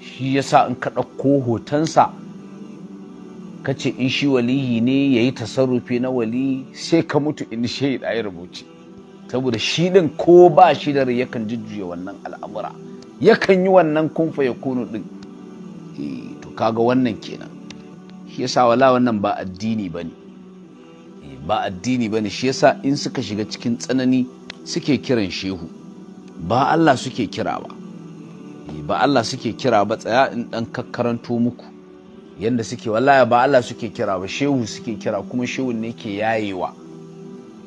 shi yasa in ka ɗauko hotonsa ka ce in shi waliyi ne ya yi tasarrufi na wali sai ka mutu in shi ya rubuce saboda shi ɗin ko ba shi da rai yakan jujjuya wannan al'amura yakan yi wannan kumfa ya kono ɗin eh, to kaga wannan kenan shi yasa wala wannan ba addini bane eh, ba addini bane shi yasa in suka shiga cikin tsanani suke kiran shehu ba Allah suke kira ba eh, ba Allah suke kira ba tsaya in dan kakkaranto muku yanda suke wallahi ba Allah suke kira ba shehu suke kira kuma shehun ne ke yayewa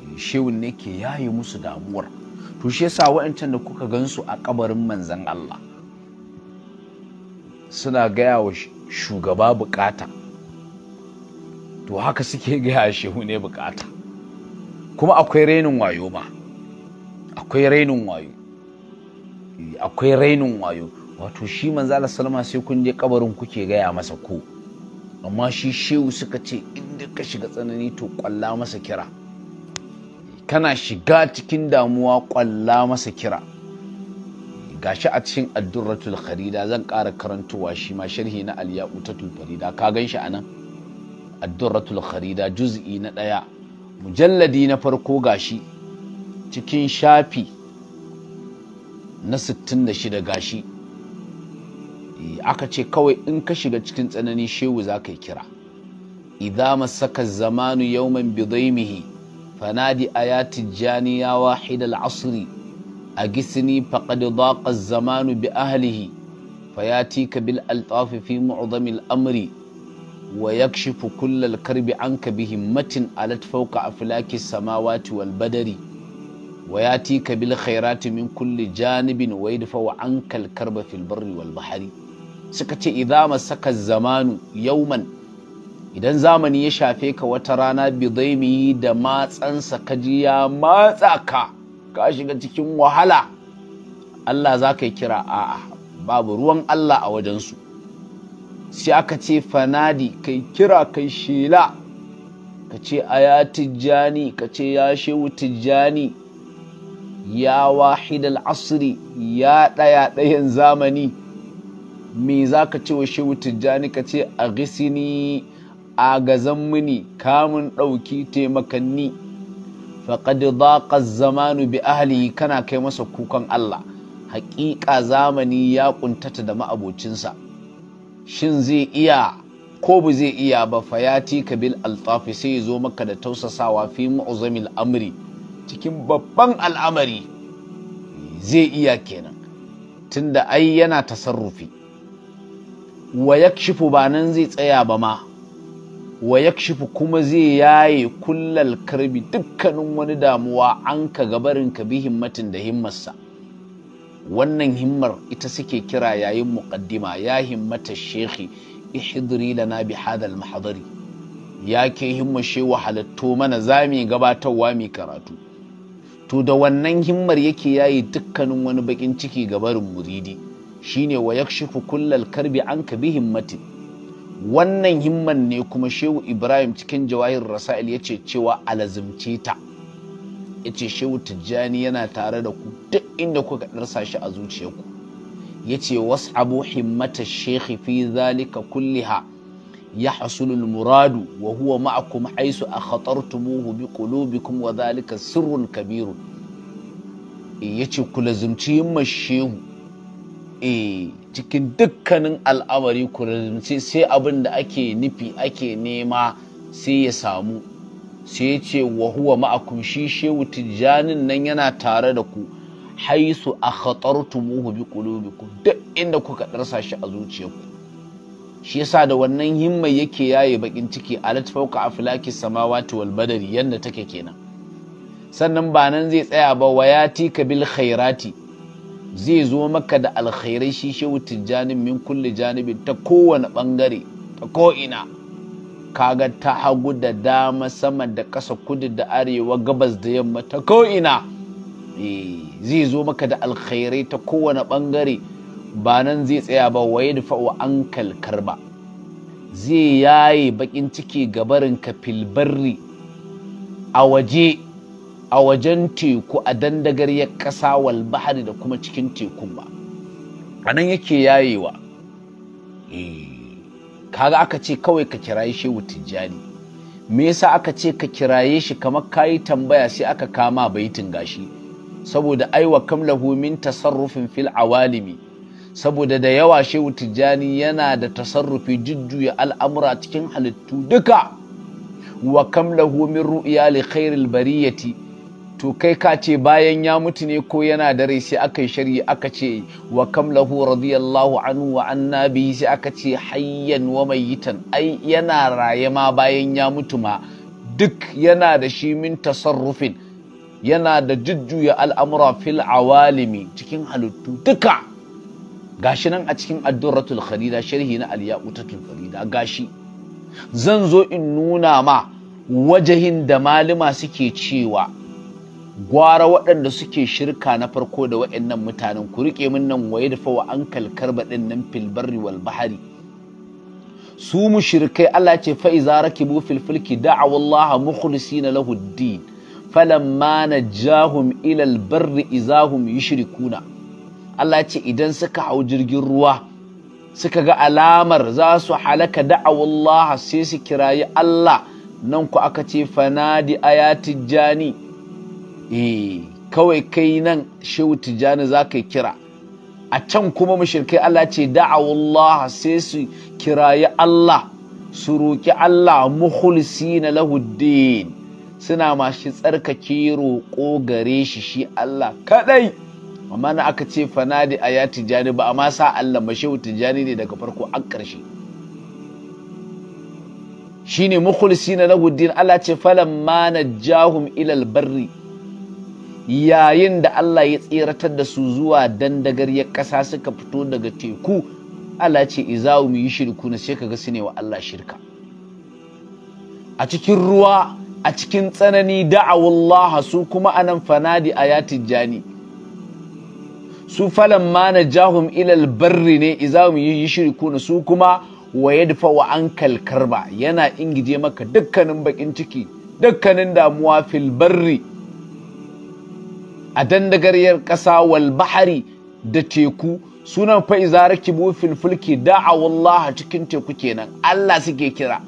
eh, shehun ne ke yaye musu damuwar to shi yasa wa'ancan da kuka gansu a kabarin manzon Allah suna gaya wa shugaba bukata to haka suke gaya shehu ne bukata kuma akwai renin wayo ma akwai rainin wayo eh, akwai rainin wayo wato shi manzo Allah sallama sai kun je kabarin kuke gaya masa ko amma shi shehu suka ce inda ka shiga tsanani to kwalla masa kira kana shiga cikin damuwa kwalla masa kira gashi a cikin addurratul kharida zan ƙara karantowa shi ma sharhi na alyaqutatul farida ka gan shi anan addurratul kharida juz'i na ɗaya mujalladi na farko gashi cikin shafi na 66 gashi e, aka ce kawai in ka shiga cikin tsanani shehu za ka yi kira idza masaka zamanu yawman bidaimihi fanadi ayati janiya wahid al-asri agisni faqad daqa zamanu bi ahlihi ka bil altaf fi mu'dham al-amri wa yakshifu kull al-karbi anka bi himmatin alat fawqa aflaki samawati wal badari wa yatika bil khairati min kulli janibin wa yadfa wa ankal karba fil barri wal bahari suka ce idza masaka zamanu yauman idan zamani ya shafe ka wata rana bidaimi da matsansa kaji ya matsa ka ka shiga cikin wahala Allah za ka kira a'a babu ruwan Allah a wajensu sai aka fanadi kai kira kai shila. ka ce aya tijjani ka ce ya shehu tijjani ya wahidal al’asiri ya ɗaya ɗayan zamani me za ka ce wa shehu tijjani ka ce a gisini a gazan mini kamun ɗauki taimakanni faƙad zaƙa zamanu bi ahli kana kai masa kukan Allah haƙiƙa zamani ya ƙuntata da ma'abocinsa shin zai iya ko ba zai iya ba fayati kabil altafi sai ya zo maka da tausasawa fi mu'uzamil amri cikin babban al'amari zai iya kenan tunda ai yana tasarrufi wa yakshifu ba nan zai tsaya ba ma wa yakshifu kuma zai yaye kullal karbi dukkanin wani damuwa an ka gabarin ka bi himmatin da himmarsa wannan himmar ita suke kira yayin muqaddima ya himmata shekhi ihdiri lana bi hadal mahadari ya ke himmashe wa halatto mana za gabatarwa mai karatu to da wannan himmar yake yayi dukkanin wani bakin ciki ga barin muridi shine wa yakshifu kullal karbi an ka bi himmatin wannan himman ne kuma shehu ibrahim cikin jawahir rasail yace cewa alazimce ta yace shehu tijjani yana tare da ku duk inda kuka darsa shi a zuciyarku yace washabu himmata shekhi fi zalika kulliha a المراد وهو معكم حيث wa بقلوبكم وذلك Kabiru. Ya ce ku lazimci yin mashehu e cikin dukkanin al'amari ku lazimci, sai abin da ake nufi ake nema sai ya samu sai ya ce wa huwa ma'akum shi shehu tijjanin nan yana tare da ku haisu a khatartumuhu bi qulubikum duk inda kuka ɗarsa shi a zuciyarku shi yasa da wannan himmai yake yaye bakin ciki alat fauka aflaki samawati wal badari yanda take kenan sannan ba nan zai tsaya ba wayati ka bil khairati zai zo maka da alkhairai shi shehu janin min kulli janibin ta kowane bangare ta ina kaga ta hagu da dama sama da kasa kudu da arewa gabas da yamma ta ko'ina eh, zai zo maka da alkhairai ta kowane bangare ba nan zai tsaya ba da yadfa an ankal karba zai yaye baƙin ciki gabarin ka filbarri a waje a wajen teku a dandagar ya ƙasa wal bahari da kuma cikin tekun ba a nan yake yayewa eh, kaga aka ce kawai ka kiraye shi tijjani me yasa aka ce ka kiraye shi kamar kayi tambaya sai aka kama baitin gashi saboda aiwa kam lahu min tasarrufin fil awalimi saboda da yawa shehu tijjani yana da tasarrufi jujjuya al'amura cikin halittu duka wa kam lahu min ru'ya li khairil bariyati to kai ka ce bayan ya mutu ne ko yana da rai sai aka yi shari'a aka ce wa kam lahu radiyallahu anhu wa na sai aka ce hayyan wa mayitan ai yana raye ma bayan ya mutu ma duk yana da shi min tasarrufin yana da jujjuya al'amura fil awalimi cikin halittu duka gashi nan a cikin addurratul kharida sharhi na al-yaqutatul gashi zan zo in nuna ma wajahin da malima suke cewa gwara waɗanda suke shirka na farko da waɗannan mutanen ku riƙe min nan waye da fawa an kalkar baɗin nan filbarri wal bahari su mushrikai Allah ce fa iza rakibu fil fulki da'aw Allah mukhlisina lahu ad-din falamma najahum ila al-barri izahum yushrikuna Allah ce idan suka hau jirgin ruwa suka ga alamar za su halaka da'awallaha sai su kirayi Allah nan ku aka ce fanadi aya Tijjani. eh kawai kai nan shehu Tijjani za ka kira a can kuma mushirkai Allah ce da'awallaha sai su kirayi Allah su roƙi Allah muhulsi na din suna mashi tsarkake roƙo gare shi shi Allah kaɗai. amma na aka ce fanadi a ya tijjani ba amma sa Allah mashehu tijjani ne daga farko an ƙarshe shine mukhlisi na nagudin Allah ce falan ma jahun ilal barri yayin da Allah ya tseratar da su zuwa dandagar ya ƙasa suka fito daga teku Allah ce izawu mu yi shirku na sai ga su ne wa Allah shirka a cikin ruwa a cikin tsanani da'awullaha su kuma anan fanadi a ya tijjani su falan ma na jahum ilal barri ne iza mu yi kuna su kuma wa dafa wa kalkar karba yana ingije maka dukkanin bakin ciki dukkanin damuwa fil barri a dandagaryar ƙasa wal bahari da teku sunan fa iza rakibu fil fulki da'awallaha cikin teku kenan Allah suke kira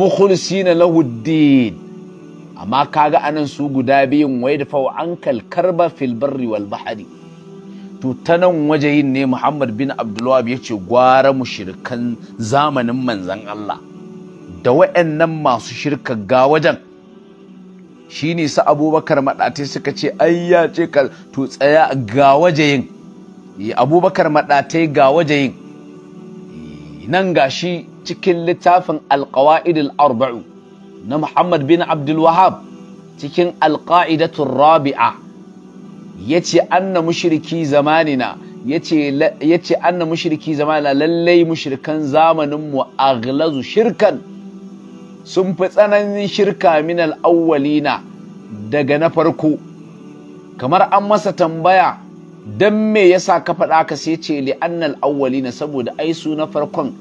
mukhlisina lahu din amma kaga anan su guda biyun wai da an ankal karba fil barri wal bahari to ta nan wajayin ne muhammad bin abdullawab ya ce gwara mushirikan zamanin manzan Allah da wa'annan masu shirka ga wajen shi ne su abubakar maɗate suka ce ai ce ka to tsaya ga wajayin e, abubakar maɗate ga wajayin e, nan ga shi cikin littafin alƙawa'idul arba'u na muhammad bin abdulwahab cikin alƙa'idatun rabi'a yace anna mushriki zamanina yace anna mushriki zamanina lallai mushrikan zamanin mu aghlazu shirkan sun fi tsananin shirka min al-awwalina daga na farko kamar an masa tambaya dan me yasa ka faɗa ka sai ce li annal awwalina saboda ai su na farkon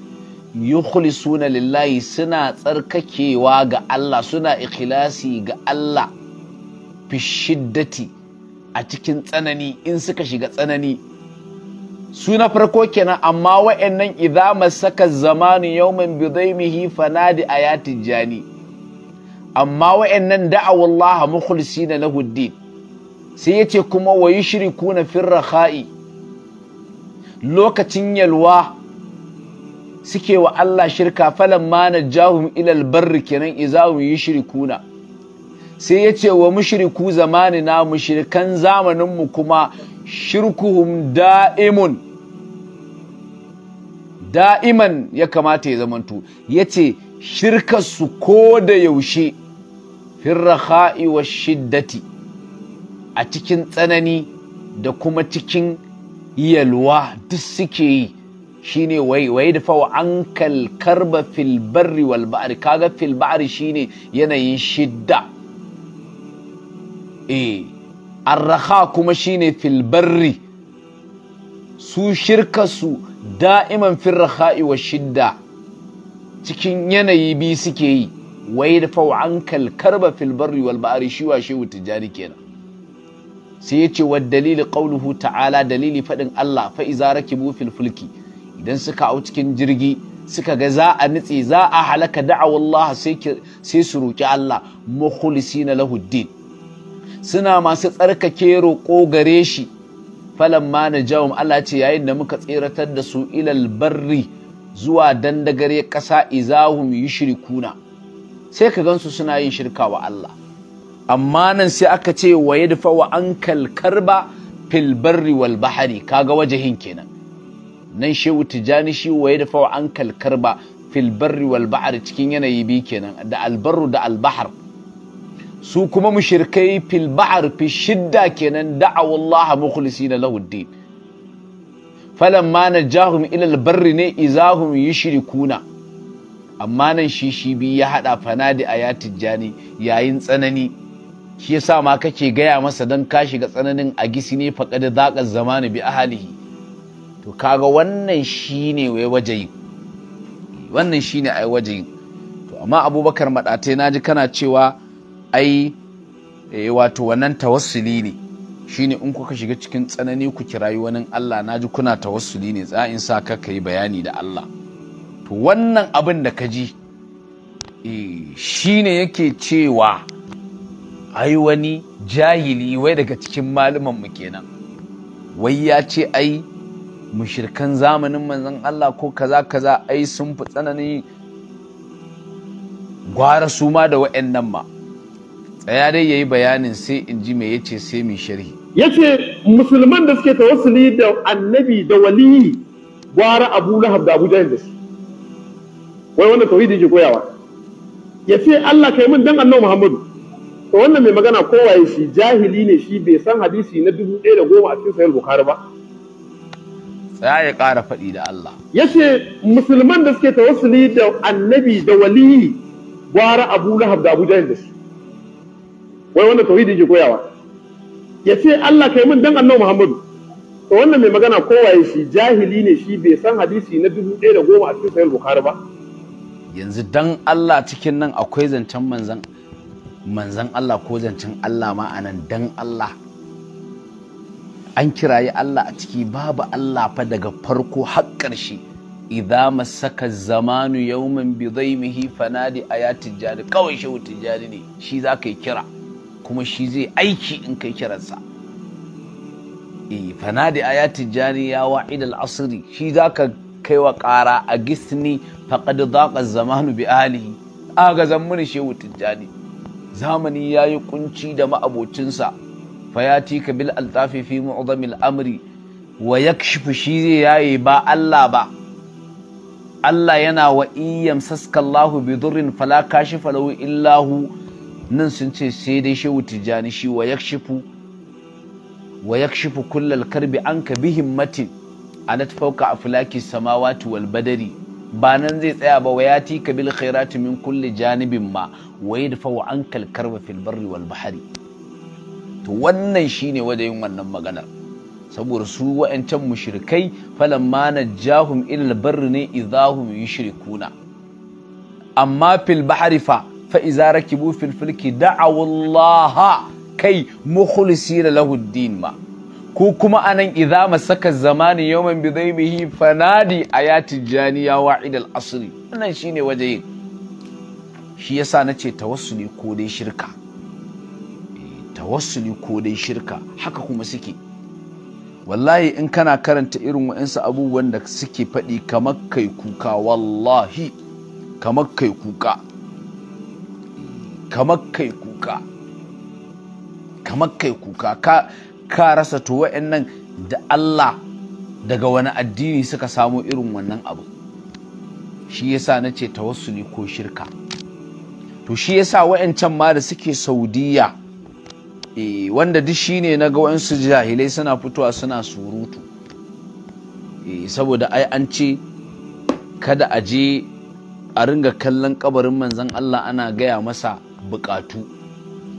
yukhlisuna lillahi suna tsarkakewa ga Allah suna ikhlasi ga Allah fi shiddati a cikin tsanani in suka shiga tsanani su na farko kenan amma wa'annan idza masaka zamanu yawman bidaimihi fanadi ya tijjani amma wa'annan Laha mukhlisina na din sai yace kuma wa yi shiri kuna firra rakhai lokacin yalwa suke wa Allah shirka falan ma jahun ilal barri kenan yi shiri kuna. sai ya ce wa mushriku zamanina mushrikan zamaninmu kuma shirkuhum da'imun da'iman ya kamata ya zamantu ya ce shirkarsu ko da yaushe firraha'i wa shiddati a cikin tsanani da kuma cikin yalwa duk suke yi shine wai wai da fawa an kalkarba ba filbari wal kaga filbari shine yanayin shidda eh arraha kuma shine fil barri su shirkarsu da'iman fil wa shidda cikin yanayi biyu suke yi wai da fau an karba filbarri barri wal ba'ari shi wa shehu tijjani kenan sai ce wa dalili qauluhu ta'ala dalili fadin Allah fa iza rakibu fil fulki idan suka au cikin jirgi suka ga za a nitse za a halaka da'awallahi sai sai su roki Allah mukhlisina lahu din suna masu tsarkake roƙo gare shi ma na jawon Allah ce yayin da muka tseratar da su ilal barri zuwa dandagare ƙasa izahum yushrikuna sai ka gansu suna yin shirka wa Allah amma nan sai aka ce wa dafa wa ankal karba fil barri wal bahari kaga wajahin kenan nan shehu tijani shi wa dafa wa ankal karba fil barri wal bahari cikin yanayi bi kenan da albarru da albahar su kuma mushirkai fil ba'ar fi shidda kenan da'aw Allah mukhlisina lahu falan falamma najahum ila al barri ne izahum yushrikuna amma nan shi shi bi ya hada fanadi ayatul jani yayin tsanani shi yasa ma kake gaya masa dan ka shiga tsananin a gisi ne faqad zaqa zamanu bi ahlihi to kaga wannan shine wai wajayi wannan shine ai wajayi to amma abubakar na naji kana cewa ai eh, wato wannan tawassuli ne shine in kuka shiga cikin tsanani ku kirayi wani Allah naji kuna tawassuli ne za in sa ka kai bayani da Allah to wannan abin da ka ji E, shine yake cewa ai wani jahili wai daga cikin maluman mu kenan wai ya ce ai mushirkan zamanin manzon Allah ko kaza kaza ai sun fi tsanani gwara su ma da wa'annan ma tsaya dai ya yi bayanin sai in ji me yace sai mai sharhi yace musulman da suke tawassuli da annabi da wali gwara Abu Lahab da Abu jahil da su wai wannan tawhidi yake koyawa yace Allah kai min dan Annabi Muhammadu to wannan mai magana kowaye shi jahili ne shi bai san hadisi na dubu ɗaya da goma a cikin sahih bukhari ba tsaya ya ƙara faɗi da Allah yace musulman da suke tawassuli da annabi da wali gwara Abu Lahab da Abu jahil da su wai wanda tauhidi yake koyawa ya ce Allah kai mun dan annabi Muhammadu to wannan mai magana kowaye shi jahili ne shi bai san hadisi na dubu ɗaya da goma a cikin sahih bukhari ba yanzu dan Allah cikin nan akwai zancen manzan manzan Allah ko zancen Allah ma anan dan Allah an kirayi Allah a ciki babu Allah fa daga farko har ƙarshe idza masaka zamanu yawman bi dhaymihi fanadi ayati jadi kawai wuti tijani ne shi zaka yi kira kuma shi zai aiki in kai kiransa eh, fanadi aya tijjani ya idal asri shi zaka kai wa ƙara a gisni faqad daqa zamanu bi alihi aga zammuni shehu tijjani zamani yayi kunci da ma'abocinsa fayati ka bil altafi fi mu'zamil amri wa shi zai yaye ba Allah ba Allah yana wa iyyam saskallahu bi durrin fala kashifa lahu illahu nan sun ce sai dai shehu tijjani shi wa yakshifu wa yakshifu kullal karbi an ka bi himmati alat fauka aflaki samawati wal badari ba nan zai tsaya ba wa yati ka bil khairati min kulli janibin ma wa yadfa wa ankal karba fil barri wal bahari to wannan shine wajen wannan maganar saboda su wa'ancan mushrikai falamma najjahum jahum ilal barri ne idahum yushrikuna amma fil bahari fa fa iza rakibu fil fulki da'awu Allah kai mukhlisina lahu din ma ko kuma anan idza masaka zamani yawman bi dhaibihi fanadi ayati janiya wa'id al asri wannan shine waje shi yasa nace tawassuli ko dai shirka eh, tawassuli ko dai shirka haka kuma suke wallahi in kana karanta irin wa'insu abubuwan da suke faɗi kamar kai kuka wallahi kamar kai kuka kamar kai kuka kamar kai kuka ka rasa to wa'annan da Allah daga wani addini suka samu irin wannan abu shi yasa na ce tawassuli ko shirka to shi yasa wa'ancan ma da suke saudiya eh, wanda duk shine na ga wa'ansu jahilai suna fitowa suna surutu eh, saboda ai an ce kada a je a ringa kallon kabarin manzon Allah ana gaya masa bukatu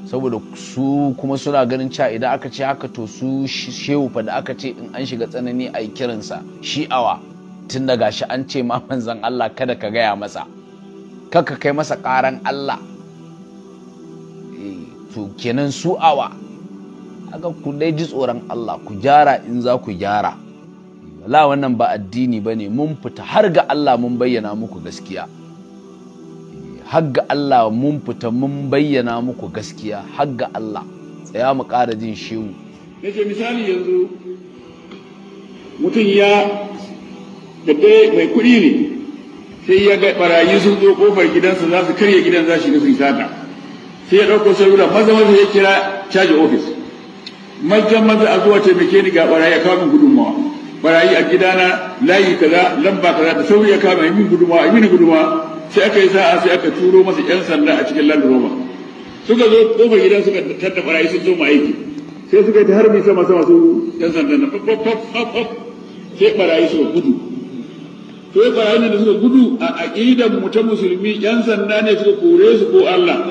saboda su kuma suna ganin cewa idan aka ce haka to su shehu fa da aka ce in an shiga tsanani a kiransa shi'awa tun daga gashi an ce ma manzan Allah kada ka gaya masa kaka kai masa karan Allah eh, to kenan su awa haka ku dai ji tsoron Allah ku gyara in za ku gyara la wannan ba addini bane mun fita har ga Allah mun bayyana muku gaskiya hagga Allah mun fita mun bayyana muku gaskiya hagga Allah tsaya mu ƙara jin shehu yace misali yanzu mutum ya da mai kuɗi ne sai ya ga barayi sun zo kofar gidansa za su karya gidan za shi sun sata sai ya ɗauko salula maza maza ya kira caji ofis maza maza a zuwa taimake ni ga barayi a kawo min gudunmawa barayi a gidana layi kaza lamba kaza da sauri ya kawo min gudunmawa a mini gudunmawa sai aka yi sa'a sai aka turo masa yan sanda a cikin land rover suka zo kofar gida suka tattaɓa barayi sun zo mu aiki sai suka yi ta harbi sama sama su yan sanda na fafafafafaf sai barayi suka gudu sai barayi ne da suka gudu a aƙidan mu ta musulmi yan sanda ne suka kore su ko Allah a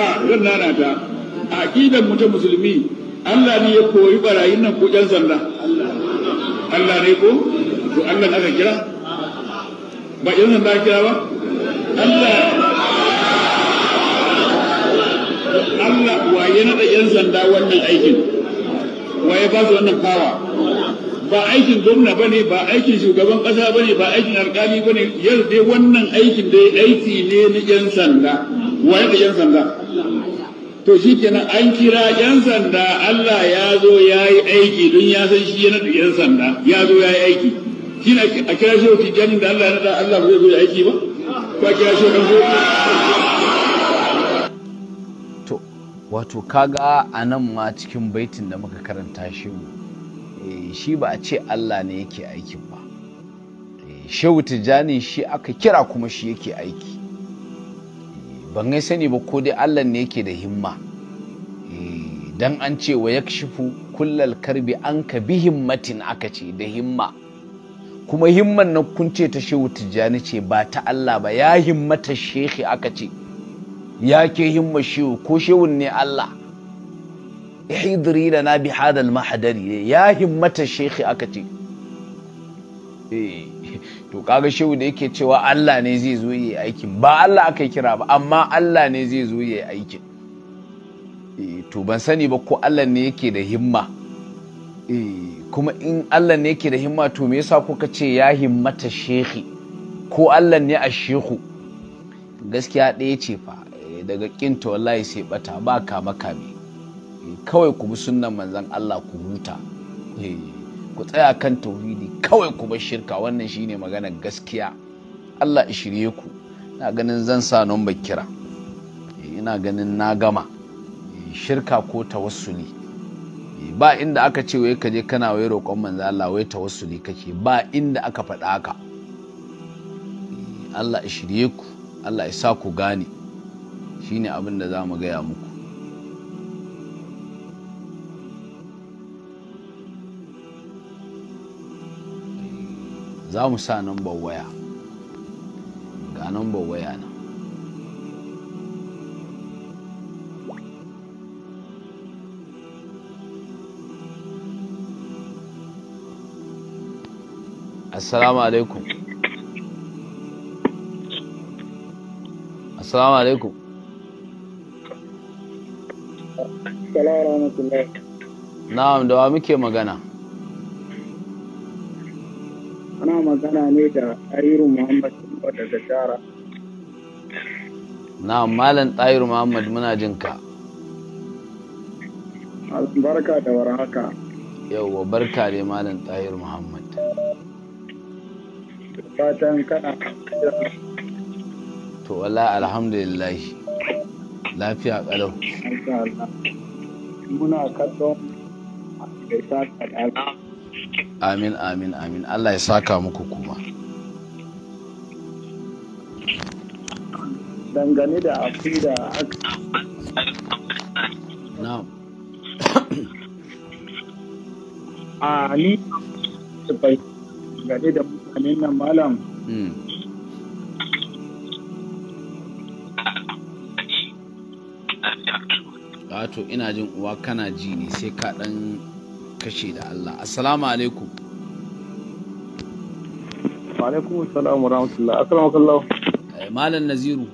ah, zan nana ta a aƙidan mu ta musulmi Allah ne ya koyi barayin nan ko yan sanda Allah ne ko to Allah aka kira ba yan sanda kira ba Allah Allah waye nada yan sanda wannan aikin waye ba su wannan fawa ba aikin gwamna ba ne ba aikin shugaban ƙasa ba ne ba aikin alƙali ba ne yau dai wannan aikin dai aiki ne na 'yan sanda waye da 'yan sanda to shi kenan an kira 'yan sanda Allah ya zo ya yi aiki don ya san shi yana da 'yan sanda ya zo ya yi aiki kina a kira shi wata janin da Allah ya da Allah zai zo ya aiki ba ko kira shi wata to wato kaga a nan ma cikin baitin da muka karanta shi mu, eh, shi ba a ce Allah ne yake aiki ba eh, shehu Jani shi aka kira kuma shi yake aiki eh, ban gai sani ba ko dai Allah ne yake da himma dan an ce wa yakshifu kullal karbi an ka bi himmatin aka ce da himma kuma himman nan kun ce ta shehu tijjani ce ba ta Allah ba ya himmata shehi aka ce ya ke himma shehu ko shehun ne Allah ihdiri da na bi hadal mahadari ya himmata shehi aka ce eh, to kaga shehu da yake cewa Allah ne zai zo yi aikin ba Allah aka kira ba amma Allah ne zai zo yi aikin eh, to ban sani ba ko Allah ne yake da himma eh kuma in Allah ne yake da himma to me yasa kuka ce ya himmata shehi ko Allah ne a shehu gaskiya ɗaya ce fa eh, daga kinta wallahi sai bata ba kama kame eh, kawai ku bi sunnan manzon Allah ku huta eh, ku tsaya kan tauhidi kawai ku bar shirka wannan shine maganar gaskiya Allah ya shirye ku ina ganin zan sa nan kira ina ganin na gama shirka ko tawassuli ba inda aka ce wai ka je kana wai roƙon manzo Allah wai tawassuli kake ba inda aka faɗa haka Allah ya shirye ku Allah ya sa ku gane shine abin da za mu gaya muku za mu sa nambar waya ga nambar waya nan assalamu alaikum assalamu alaikum na'am da wa muke magana ana magana ne da ayiru muhammad daga shara na'am malam Ayiru muhammad muna jin ka barka da warhaka yauwa barka ne malam Ayiru muhammad fatan kana to wala alhamdulillah lafiya kalau muna kallon amin amin amin Allah ya saka muku kuma dangane da akida aka na'am a ni bai gane da mu tsakanin nan malam wato hmm. ah, ina jin uwa kana ji ne sai ka dan kashe da Allah assalamu alaikum wa alaikum assalam wa rahmatullah assalamu alaikum eh, malam naziru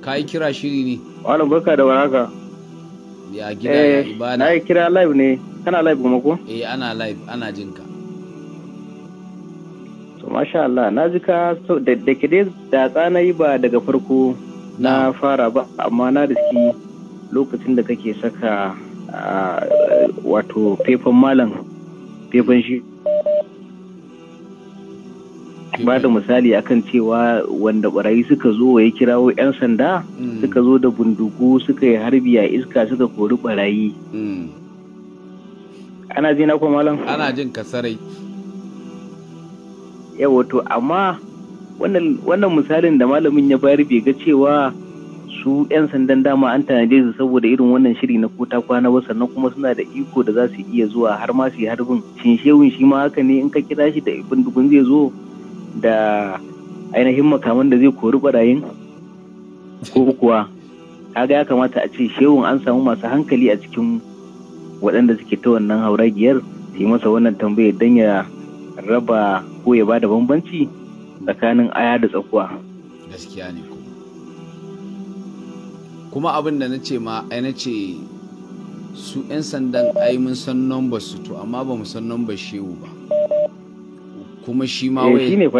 ka yi kira shiri ne malam barka da waraka ya gida eh, ibada na yi kira live ne kana live kuma ko eh ana live ana jinka masha Allah na ji ka da ke dai da tsana yi ba daga farko na fara ba amma na riski lokacin da kake saka wato faifan malam faifan shi ba da misali akan cewa wanda barayi suka zo ya kirawo 'yan sanda mm. suka zo da bunduku suka yi harbi a iska suka kori barayi mm. ana jin ko malam ana jin kasarai yawa to amma wannan misalin da malamin ya bayar bai ga cewa su 'yan sandan dama an tanaje su saboda irin wannan shiri na kota kwana ba sannan kuma suna da iko da za su iya zuwa har ma su yi harbin shin shi ma haka ne in ka kira shi da bindigun zai zo da ainihin makaman da zai kori barayin ko kuwa kaga ya kamata a ce shewun an samu masu hankali a cikin waɗanda suke ta wannan hauragiyar su yi masa wannan tambayar don ya raba ko ya bada bambanci tsakanin aya da tsakuwa gaskiya ne kuma kuma abin da na ce ma ai na ce su 'yan sandan ai mun san nomba su to amma ba mu san nomba shehu ba kuma shi ma eh, eh,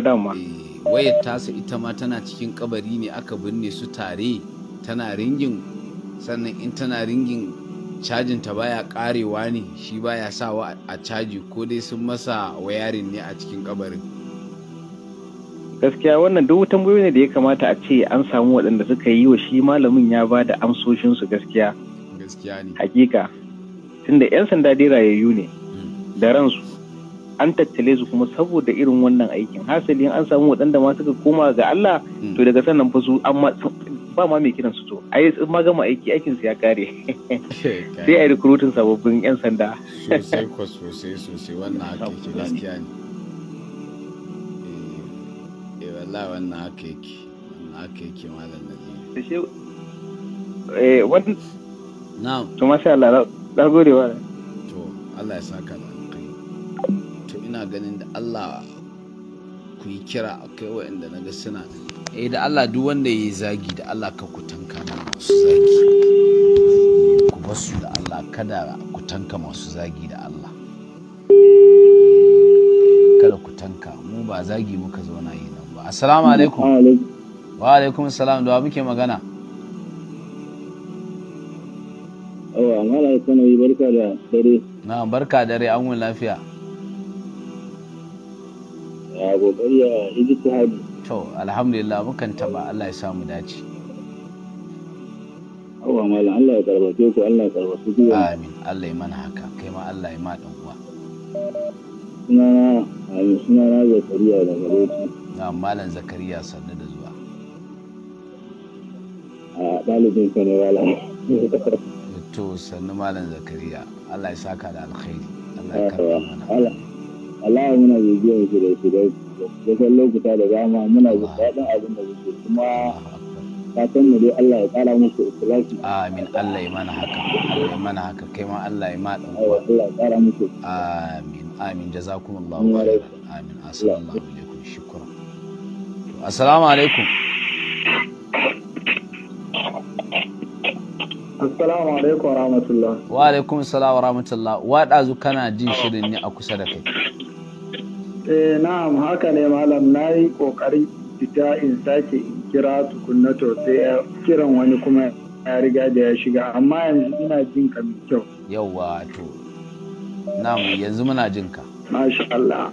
wayar tasa ita ma tana cikin kabari ne aka binne su tare tana ringin sannan in tana ringin cajin ta baya karewa ne shi baya sawa a caji ko dai sun masa wayarin ne a cikin kabarin gaskiya wannan duk tambayoyi ne da ya kamata a ce an samu waɗanda suka yi wa shi malamin ya ba da amsoshinsu gaskiya gaskiya ne hakika tunda 'yan sanda dai rayayyu ne hmm. da ransu an tattale su kuma saboda irin wannan aikin hasali an samu waɗanda ma suka koma ga Allah hmm. to daga sannan fa su an ba ma mai kiran su to ai in ma gama aiki aikin su ya kare sai a yi rikurutun sababbin yan sanda sosai ko sosai sosai wannan haka yake gaskiya ne eh, eh wala wannan haka yake wannan haka yake malam nabi eh wannan na'am to masha Allah na gode wa to Allah ya saka da kai to ina ganin da Allah ku yi kira akai waɗanda na ga suna da E da Allah duk wanda ya yi zagi da Allah ka ku tanka masu zagi ku basu da Allah kada ku tanka masu zagi da Allah kada ku tanka mu ba zagi muka zauna yi nan ba assalamu alaikum wa alaikum salam da muke magana awa mala yi barka da dare na barka da dare an wani lafiya ya kokari a ijtihadi to alhamdulillah mukan taba Allah ya samu dace Allah malam Allah ya karbace ku Allah ya karbace ku amin Allah ya mana haka kai ma Allah ya ma dan uwa sunana amin sunana Zakariya da gareci na malam Zakariya sannu da zuwa a dalibin ka ne malam to sannu malam Zakariya Allah ya saka da alkhairi Allah ya karbace mana Allah muna bibiyar shi da shi da san lokuta da dama muna jin daɗin abin da kuke kuma san mu dai Allah ya ƙara muku ikhlasi amin Allah ya mana haka Allah ya mana haka kai ma Allah ya ma dan uwa Allah ya ƙara muku amin amin jazakumullahu khairan amin assalamu alaikum shukran assalamu alaikum Assalamu alaikum rahmatullah. Wa alaikum salam wa rahmatullah. Wa ɗazu kana jin shirin ne a kusa da kai. Eh na'am haka ne malam na yi ƙoƙari fita in sake in kira tukunna to sai ya kiran wani kuma ya riga da ya shiga amma yanzu ina jin ka mai kyau. Yawwa to. Na'am yanzu muna jin ka. Masha Allah.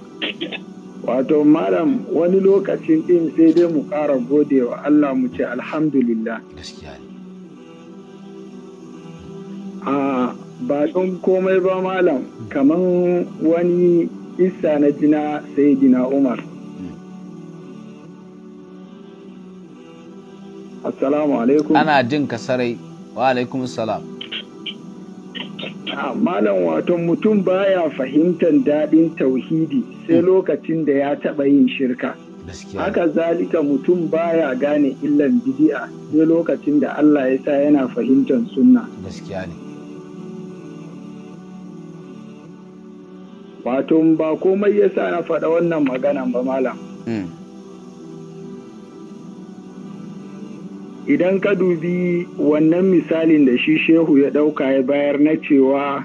Wato malam wani lokacin din sai dai mu ƙara godewa Allah mu ce alhamdulillah. Gaskiya ne. A ba komai ba malam kaman wani isa na jina sai Umar. Assalamu alaikum. Ana jin kasarai Wa alaikum salam. Malam wato mutum baya fahimtar daɗin tauhidi sai hmm. lokacin da ya taɓa yin shirka. Haka zalika mutum baya gane illan bidi'a sai lokacin da Allah ya sa yana fahimtar sunna. Gaskiya ne. wato ba komai ya sa na faɗa wannan magana ba malam hmm. idan ka dubi wannan misalin da shi shehu ya ɗauka ya bayar na cewa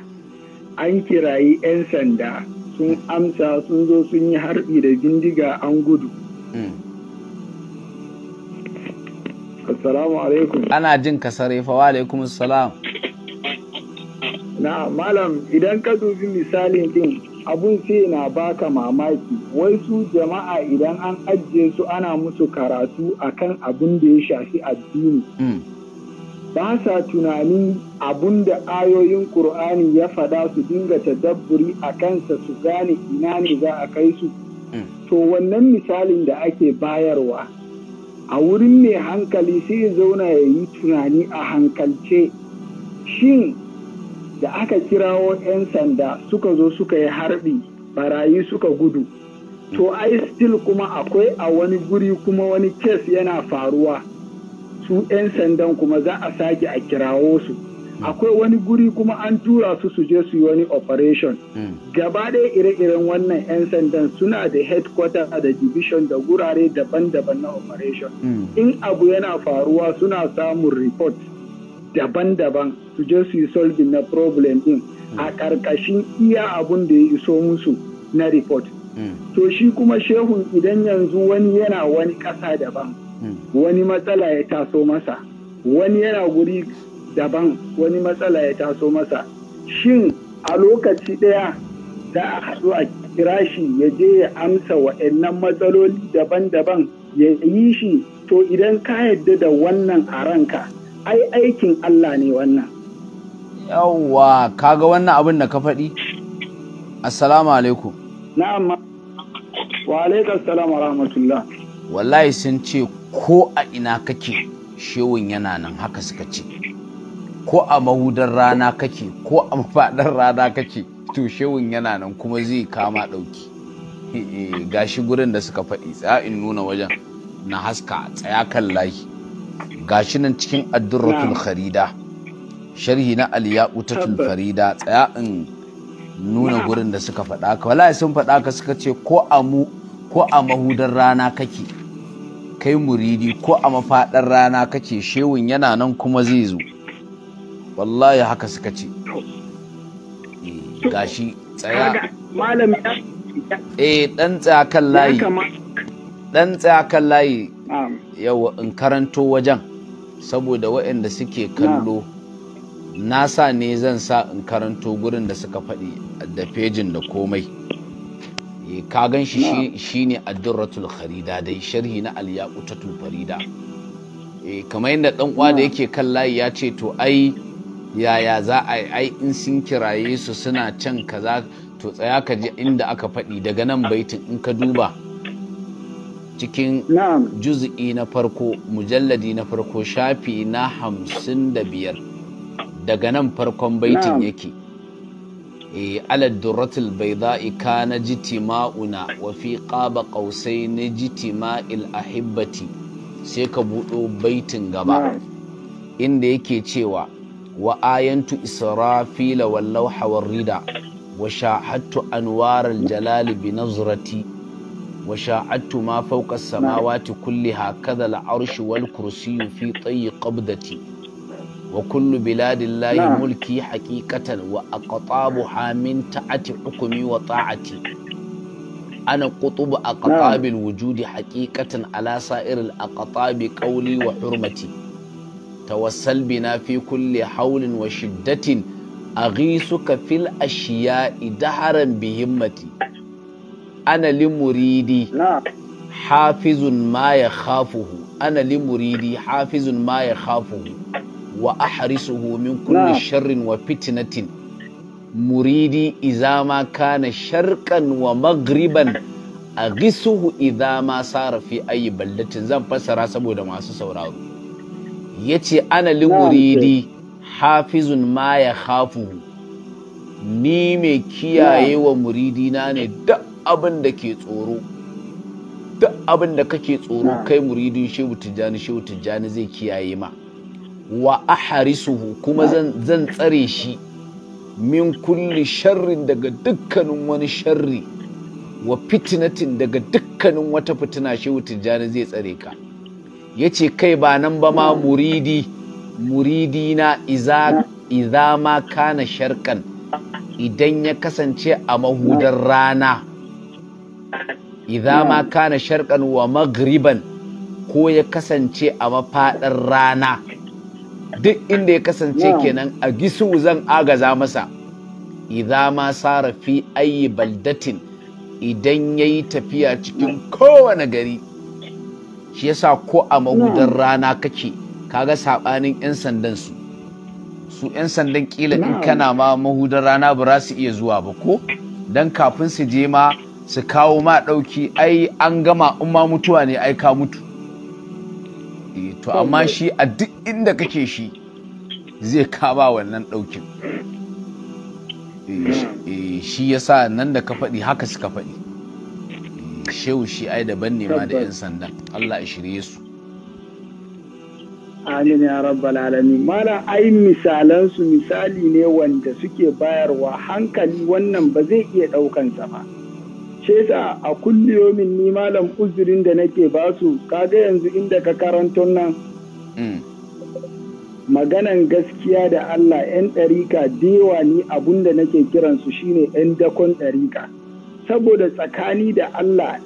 an kirayi 'yan sanda sun amsa sun zo sun yi harbi da bindiga an gudu hmm. assalamu alaikum ana jin ka sarefa wa alaikum salam na malam idan ka dubi misalin din abun sai na baka mamaki wai su jama'a idan an ajiye su ana musu karatu akan abun da ya shafi addini hmm. ba sa tunanin abun da ayoyin ƙur'ani ya faɗa su dinga tadabburi a kansa su gane ina ne za a kai su hmm. to wannan misalin da ake bayarwa a wurin mai hankali sai zauna ya yi tunani a hankalce shin da aka kirawo 'yan sanda suka zo suka yi harbi barayi suka gudu to ai still kuma akwai a wani guri kuma wani kes yana faruwa su 'yan sandan kuma za a sake a kirawo su hmm. akwai wani guri kuma an tura su su je su yi wani operation hmm. gaba ɗaya ire-iren wannan 'yan sandan suna da headquarter da division da gurare daban-daban na operation hmm. in abu yana faruwa suna samun report daban-daban su je su yi solving na problem din a ƙarƙashin hmm. iya abun da ya iso musu na report hmm. to shi kuma shehun idan yanzu wani yana wani ƙasa daban hmm. wani matsala ya taso masa wani yana guri daban wani matsala ya taso masa shin a lokaci ɗaya za a haɗu a kira shi ya je ya amsa wa'annan matsaloli daban-daban ya yi shi to idan ka yadda da wannan a ranka ai aikin Allah ne wannan yawwa kaga wannan abin da ka faɗi assalamu alaikum na'am wa alaikum assalam rahmatullah wallahi sun ce ko a ina kake shewun yana nan haka suka ce ko a mahudar rana kake ko a mafaɗar rana kake to shewun yana nan kuma zai kama ɗauki gashi gurin da suka faɗi tsaya in nuna wajen na haska tsaya kan layi gashi nan cikin addurratul kharida sharhi na aliya utatul farida tsaya in nuna gurin da suka faɗa ka wallahi sun faɗa ka suka ce ko a mu ko a mahudar rana kake kai muridi ko a mafaɗar rana kake shewun yana nan kuma zai zo wallahi haka suka ce gashi tsaya malam eh dan tsaya kan layi dan tsaya kan layi yau in karanto wajen saboda waɗanda suke kallo na sa ne zan sa in karanto gurin da suka faɗi da fejin da komai e, ka gan shi shine addurratul da dai sharhi na alyaqutatul farida e, kamar yadda ɗan uwa da yake kan layi ya ce to ai yaya za a yi ai in sun kiraye su suna can kaza to tsaya ka ji inda aka faɗi daga nan baitin in ka duba cikin juz'i na farko mujalladi na farko shafi na hamsin da biyar daga nan farkon baitin yake eh, ala durratul na kana jitima'una wa fi qaba ji jitima'il ahibbati sai ka buɗo baitin gaba inda yake cewa wa ayantu israfila wal lawha war rida wa shahadtu anwaral jalali bi nazrati wa shahadtu ma fawqa as-samawati kulliha kadha arshu wal kursiyyu fi tsayi qabdati wa kullu biladin layi mulki haƙiƙatan wa aqtabu hamin ta'ati hukumi wa ta'ati ana qutubu aqtabil wujudi haƙiƙatan ala sa'iril aqtabi qawli wa hurmati tawassal bina fi kulli haulin wa shiddatin aghisuka fil ashiya'i daharan bi himmati ana limuridi hafizun ma ya khafuhu ana limuridi hafizun ma khafuhu wa ahrisuhu min kullum sharrin wa fitnatin muridi izama kana sharqan wa magriban aghisuhu idama sara fi ayi ballatin zan fassara saboda masu sauraro yace ana li muridi hafizun ma ya khafuhu ni mai kiyaye wa muridina ne duk abin da ke tsoro duk abin da kake tsoro kai muridin shehu tijjani shehu tijjani zai kiyaye ma wa aharisuhu kuma zan tsare shi min kulle sharrin daga dukkanin wani sharri wa fitinatin daga dukkanin wata fitina shi tijjani zai tsare ka ya ce kai ba nan ba ma muridi muridi na iza ma kana sharkan idan ya kasance a mahudar rana iza ma kana sharkan wa magriban ko ya kasance a mafaɗar rana duk inda ya kasance kenan a gisu zan agaza masa idan ma sara fi ayi baldatin idan yayi tafiya cikin kowane gari shi yasa ko a magudan rana kake kaga sabanin yan sandan su su yan sandan kila in kana ma mahudan rana ba su iya zuwa ba ko dan kafin su je ma su kawo ma ɗauki, ai an gama in ma mutuwa ne ai ka mutu to amma shi a duk inda kake shi zai kaba wannan ɗaukin eh, eh, shi ya sa nan da ka faɗi haka suka faɗi eh, shehu shi ai daban ne ma da 'yan sandan Allah shirye su amin ya rabbal alamin mala ai misalansu misali ne wanda suke bayarwa hankali wannan ba zai iya ɗaukansa ba fahimce ta a kulliyomin ni malam uzurin da nake ba su kaga yanzu inda ka karanton nan mm. maganan gaskiya da Allah 'yan ɗarika dewa ni abun da nake kiransu shine 'yan dakon ɗarika saboda tsakani da Allah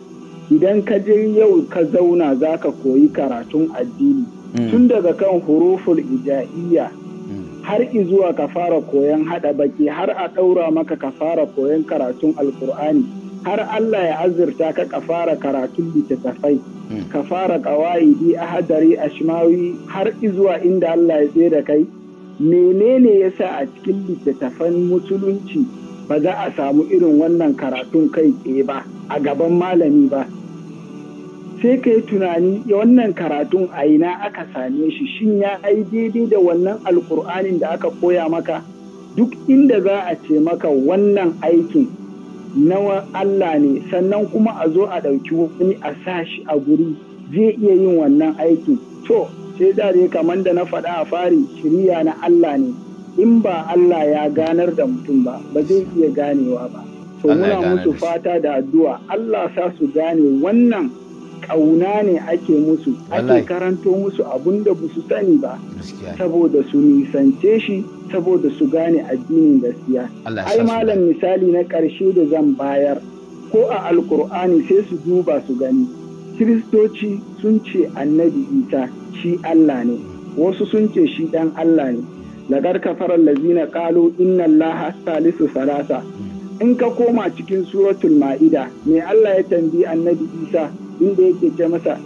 idan ka je yau ka zauna za ka koyi karatun addini mm. tun daga kan huruful ija'iyya mm. har zuwa ka fara koyon haɗa baki har a ɗaura maka ka fara koyon karatun alkur'ani har Allah ya azurta ka ka fara karatun littattafai hmm. ka fara ƙawa'idi a hadari a shimawi har izuwa inda Allah ya tsaye da kai menene ya sa a cikin littattafan musulunci ba za a samu irin wannan karatun kai tsaye ba a gaban malami ba sai ka yi tunani wannan karatun a ina aka same shi shin ya ai daidai da wannan alkur'anin da aka koya maka duk inda za a ce maka wannan aikin na Allah ne sannan kuma a zo a ɗauki wani a sashi a guri zai iya yin wannan aikin to sai da dai kamar da na faɗa a fari shirya na Allah ne in ba Allah ya ganar da mutum ba ba zai iya ganewa ba to muna musu fata da addu'a Allah sa su gane wannan ƙauna ne ake musu ake karanto musu abun da su sani ba saboda su nisance shi saboda su gane addinin gaskiya ai malam misali na ƙarshe da zan bayar ko a alkur'ani sai su duba su gani kiristoci sun ce annabi isa shi allah ne wasu sun ce shi dan allah ne lagar kafarar lazina ƙalo inna allah salisu salasa in ka koma cikin suratul ma'ida me Allah ya tambi annabi Isa inda yake ce masa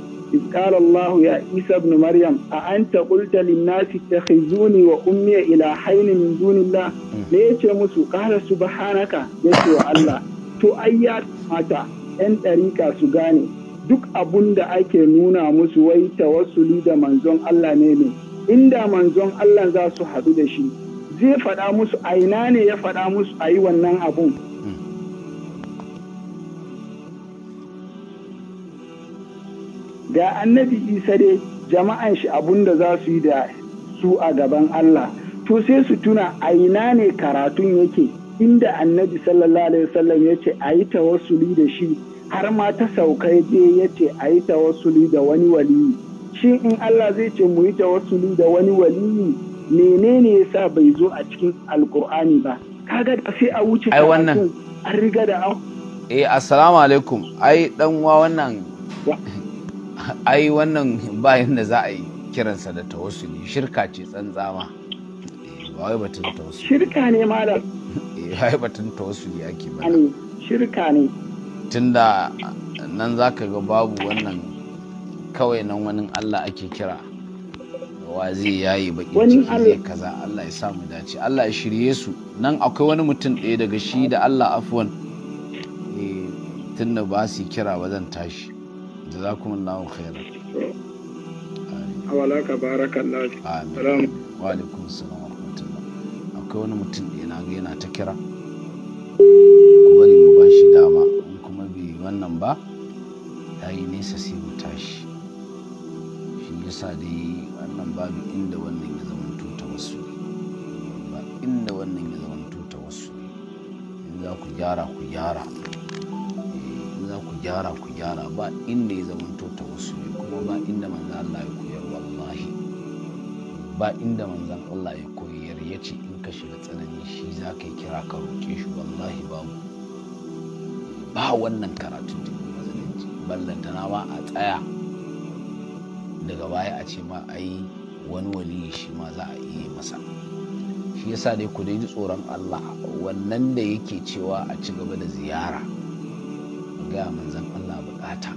qala Allah ya Isa ibn Maryam a anta qulta lin nasi takhizuni wa ummi ila hayni min dunillah ne hmm. yace musu qala subhanaka yace wa Allah to ai mata yan ɗarika su gane duk abun da ake nuna musu wai tawassuli da manzon Allah ne ne inda manzon Allah za su haɗu da shi zai faɗa musu a ina ne ya faɗa musu a yi wannan abun da annabi isa dai jama'an shi abun da za su yi da su a gaban Allah to sai su tuna a ina ne karatun yake inda annabi sallallahu alaihi wasallam ya ce a yi tawassuli da shi har ma ta sauka je ya ce a yi tawassuli da wani waliyi shi in Allah zai ce mu yi tawassuli da wani waliyi menene yasa bai zo a cikin alkur'ani ba kaga da sai a wuce ai wannan an riga da eh assalamu alaikum ai dan wa wannan ai wannan bayan da za a yi kiransa da tawassuli shirka ce tsantsama ba wai batun tawassuli shirka ne malam eh wai batun tawassuli ake ba shirka ne tunda nan zaka ga babu wannan kawai nan wani Allah ake kira wa zai yayi baki ciki zai kaza Allah ya sa mu dace Allah ya shirye su nan akwai wani mutum ɗaya daga shi da Allah afwan eh tunda ba su kira ba zan tashi jazakumullahu khairan awala barakallahu amin wa alaikum salam wa rahmatullah akwai wani mutum da yana ga yana ta kira kuma ne mu bashi dama in kuma bai wannan ba yayi nesa sai mu tashi shi yasa dai wannan babu inda wannan ya zamanto ta wasu ba inda wannan ku gyara gyara ku gyara ba inda ya zamanto ta wasu ne kuma ba inda manzan Allah ya koyar wallahi ba inda manzan Allah ya koyar ya ce in ka shiga tsanani shi za ka yi kira ka roƙe shi wallahi mu ba wannan karatun jirgin ballanta na ma a tsaya daga baya a ce ma ai wani waliyi shi ma za a iya masa shi yasa dai ku dai ji tsoron Allah wannan da yake cewa a ci gaba da ziyara gaya manzan Allah bukata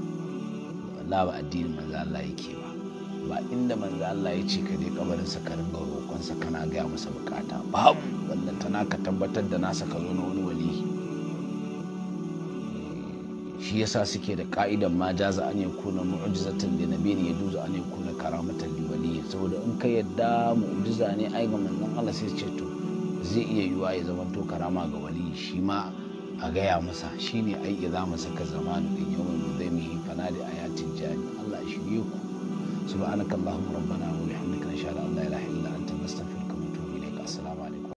Allah ba addinin manzan Allah yake ba ba inda manzan Allah ya ce ka je kabarinsa ka ringa roƙonsa kana gaya masa bukata babu tana ka tabbatar da nasa ka zo na wani wali eh, shi yasa suke da ka'idan ma jaza an da nabi ne ya duza an yakuna karamatan li saboda in ka yadda mu'jiza ne ai ga manzan Allah sai ce to zai iya yiwa ya zama to karama ga wali shi ma a gaya masa shine ai idza masaka zamanu din yawmin fana da ayatin jani Allah shirye ku subhanakallahumma rabbana wa bihamdika nashhadu an la ilaha illa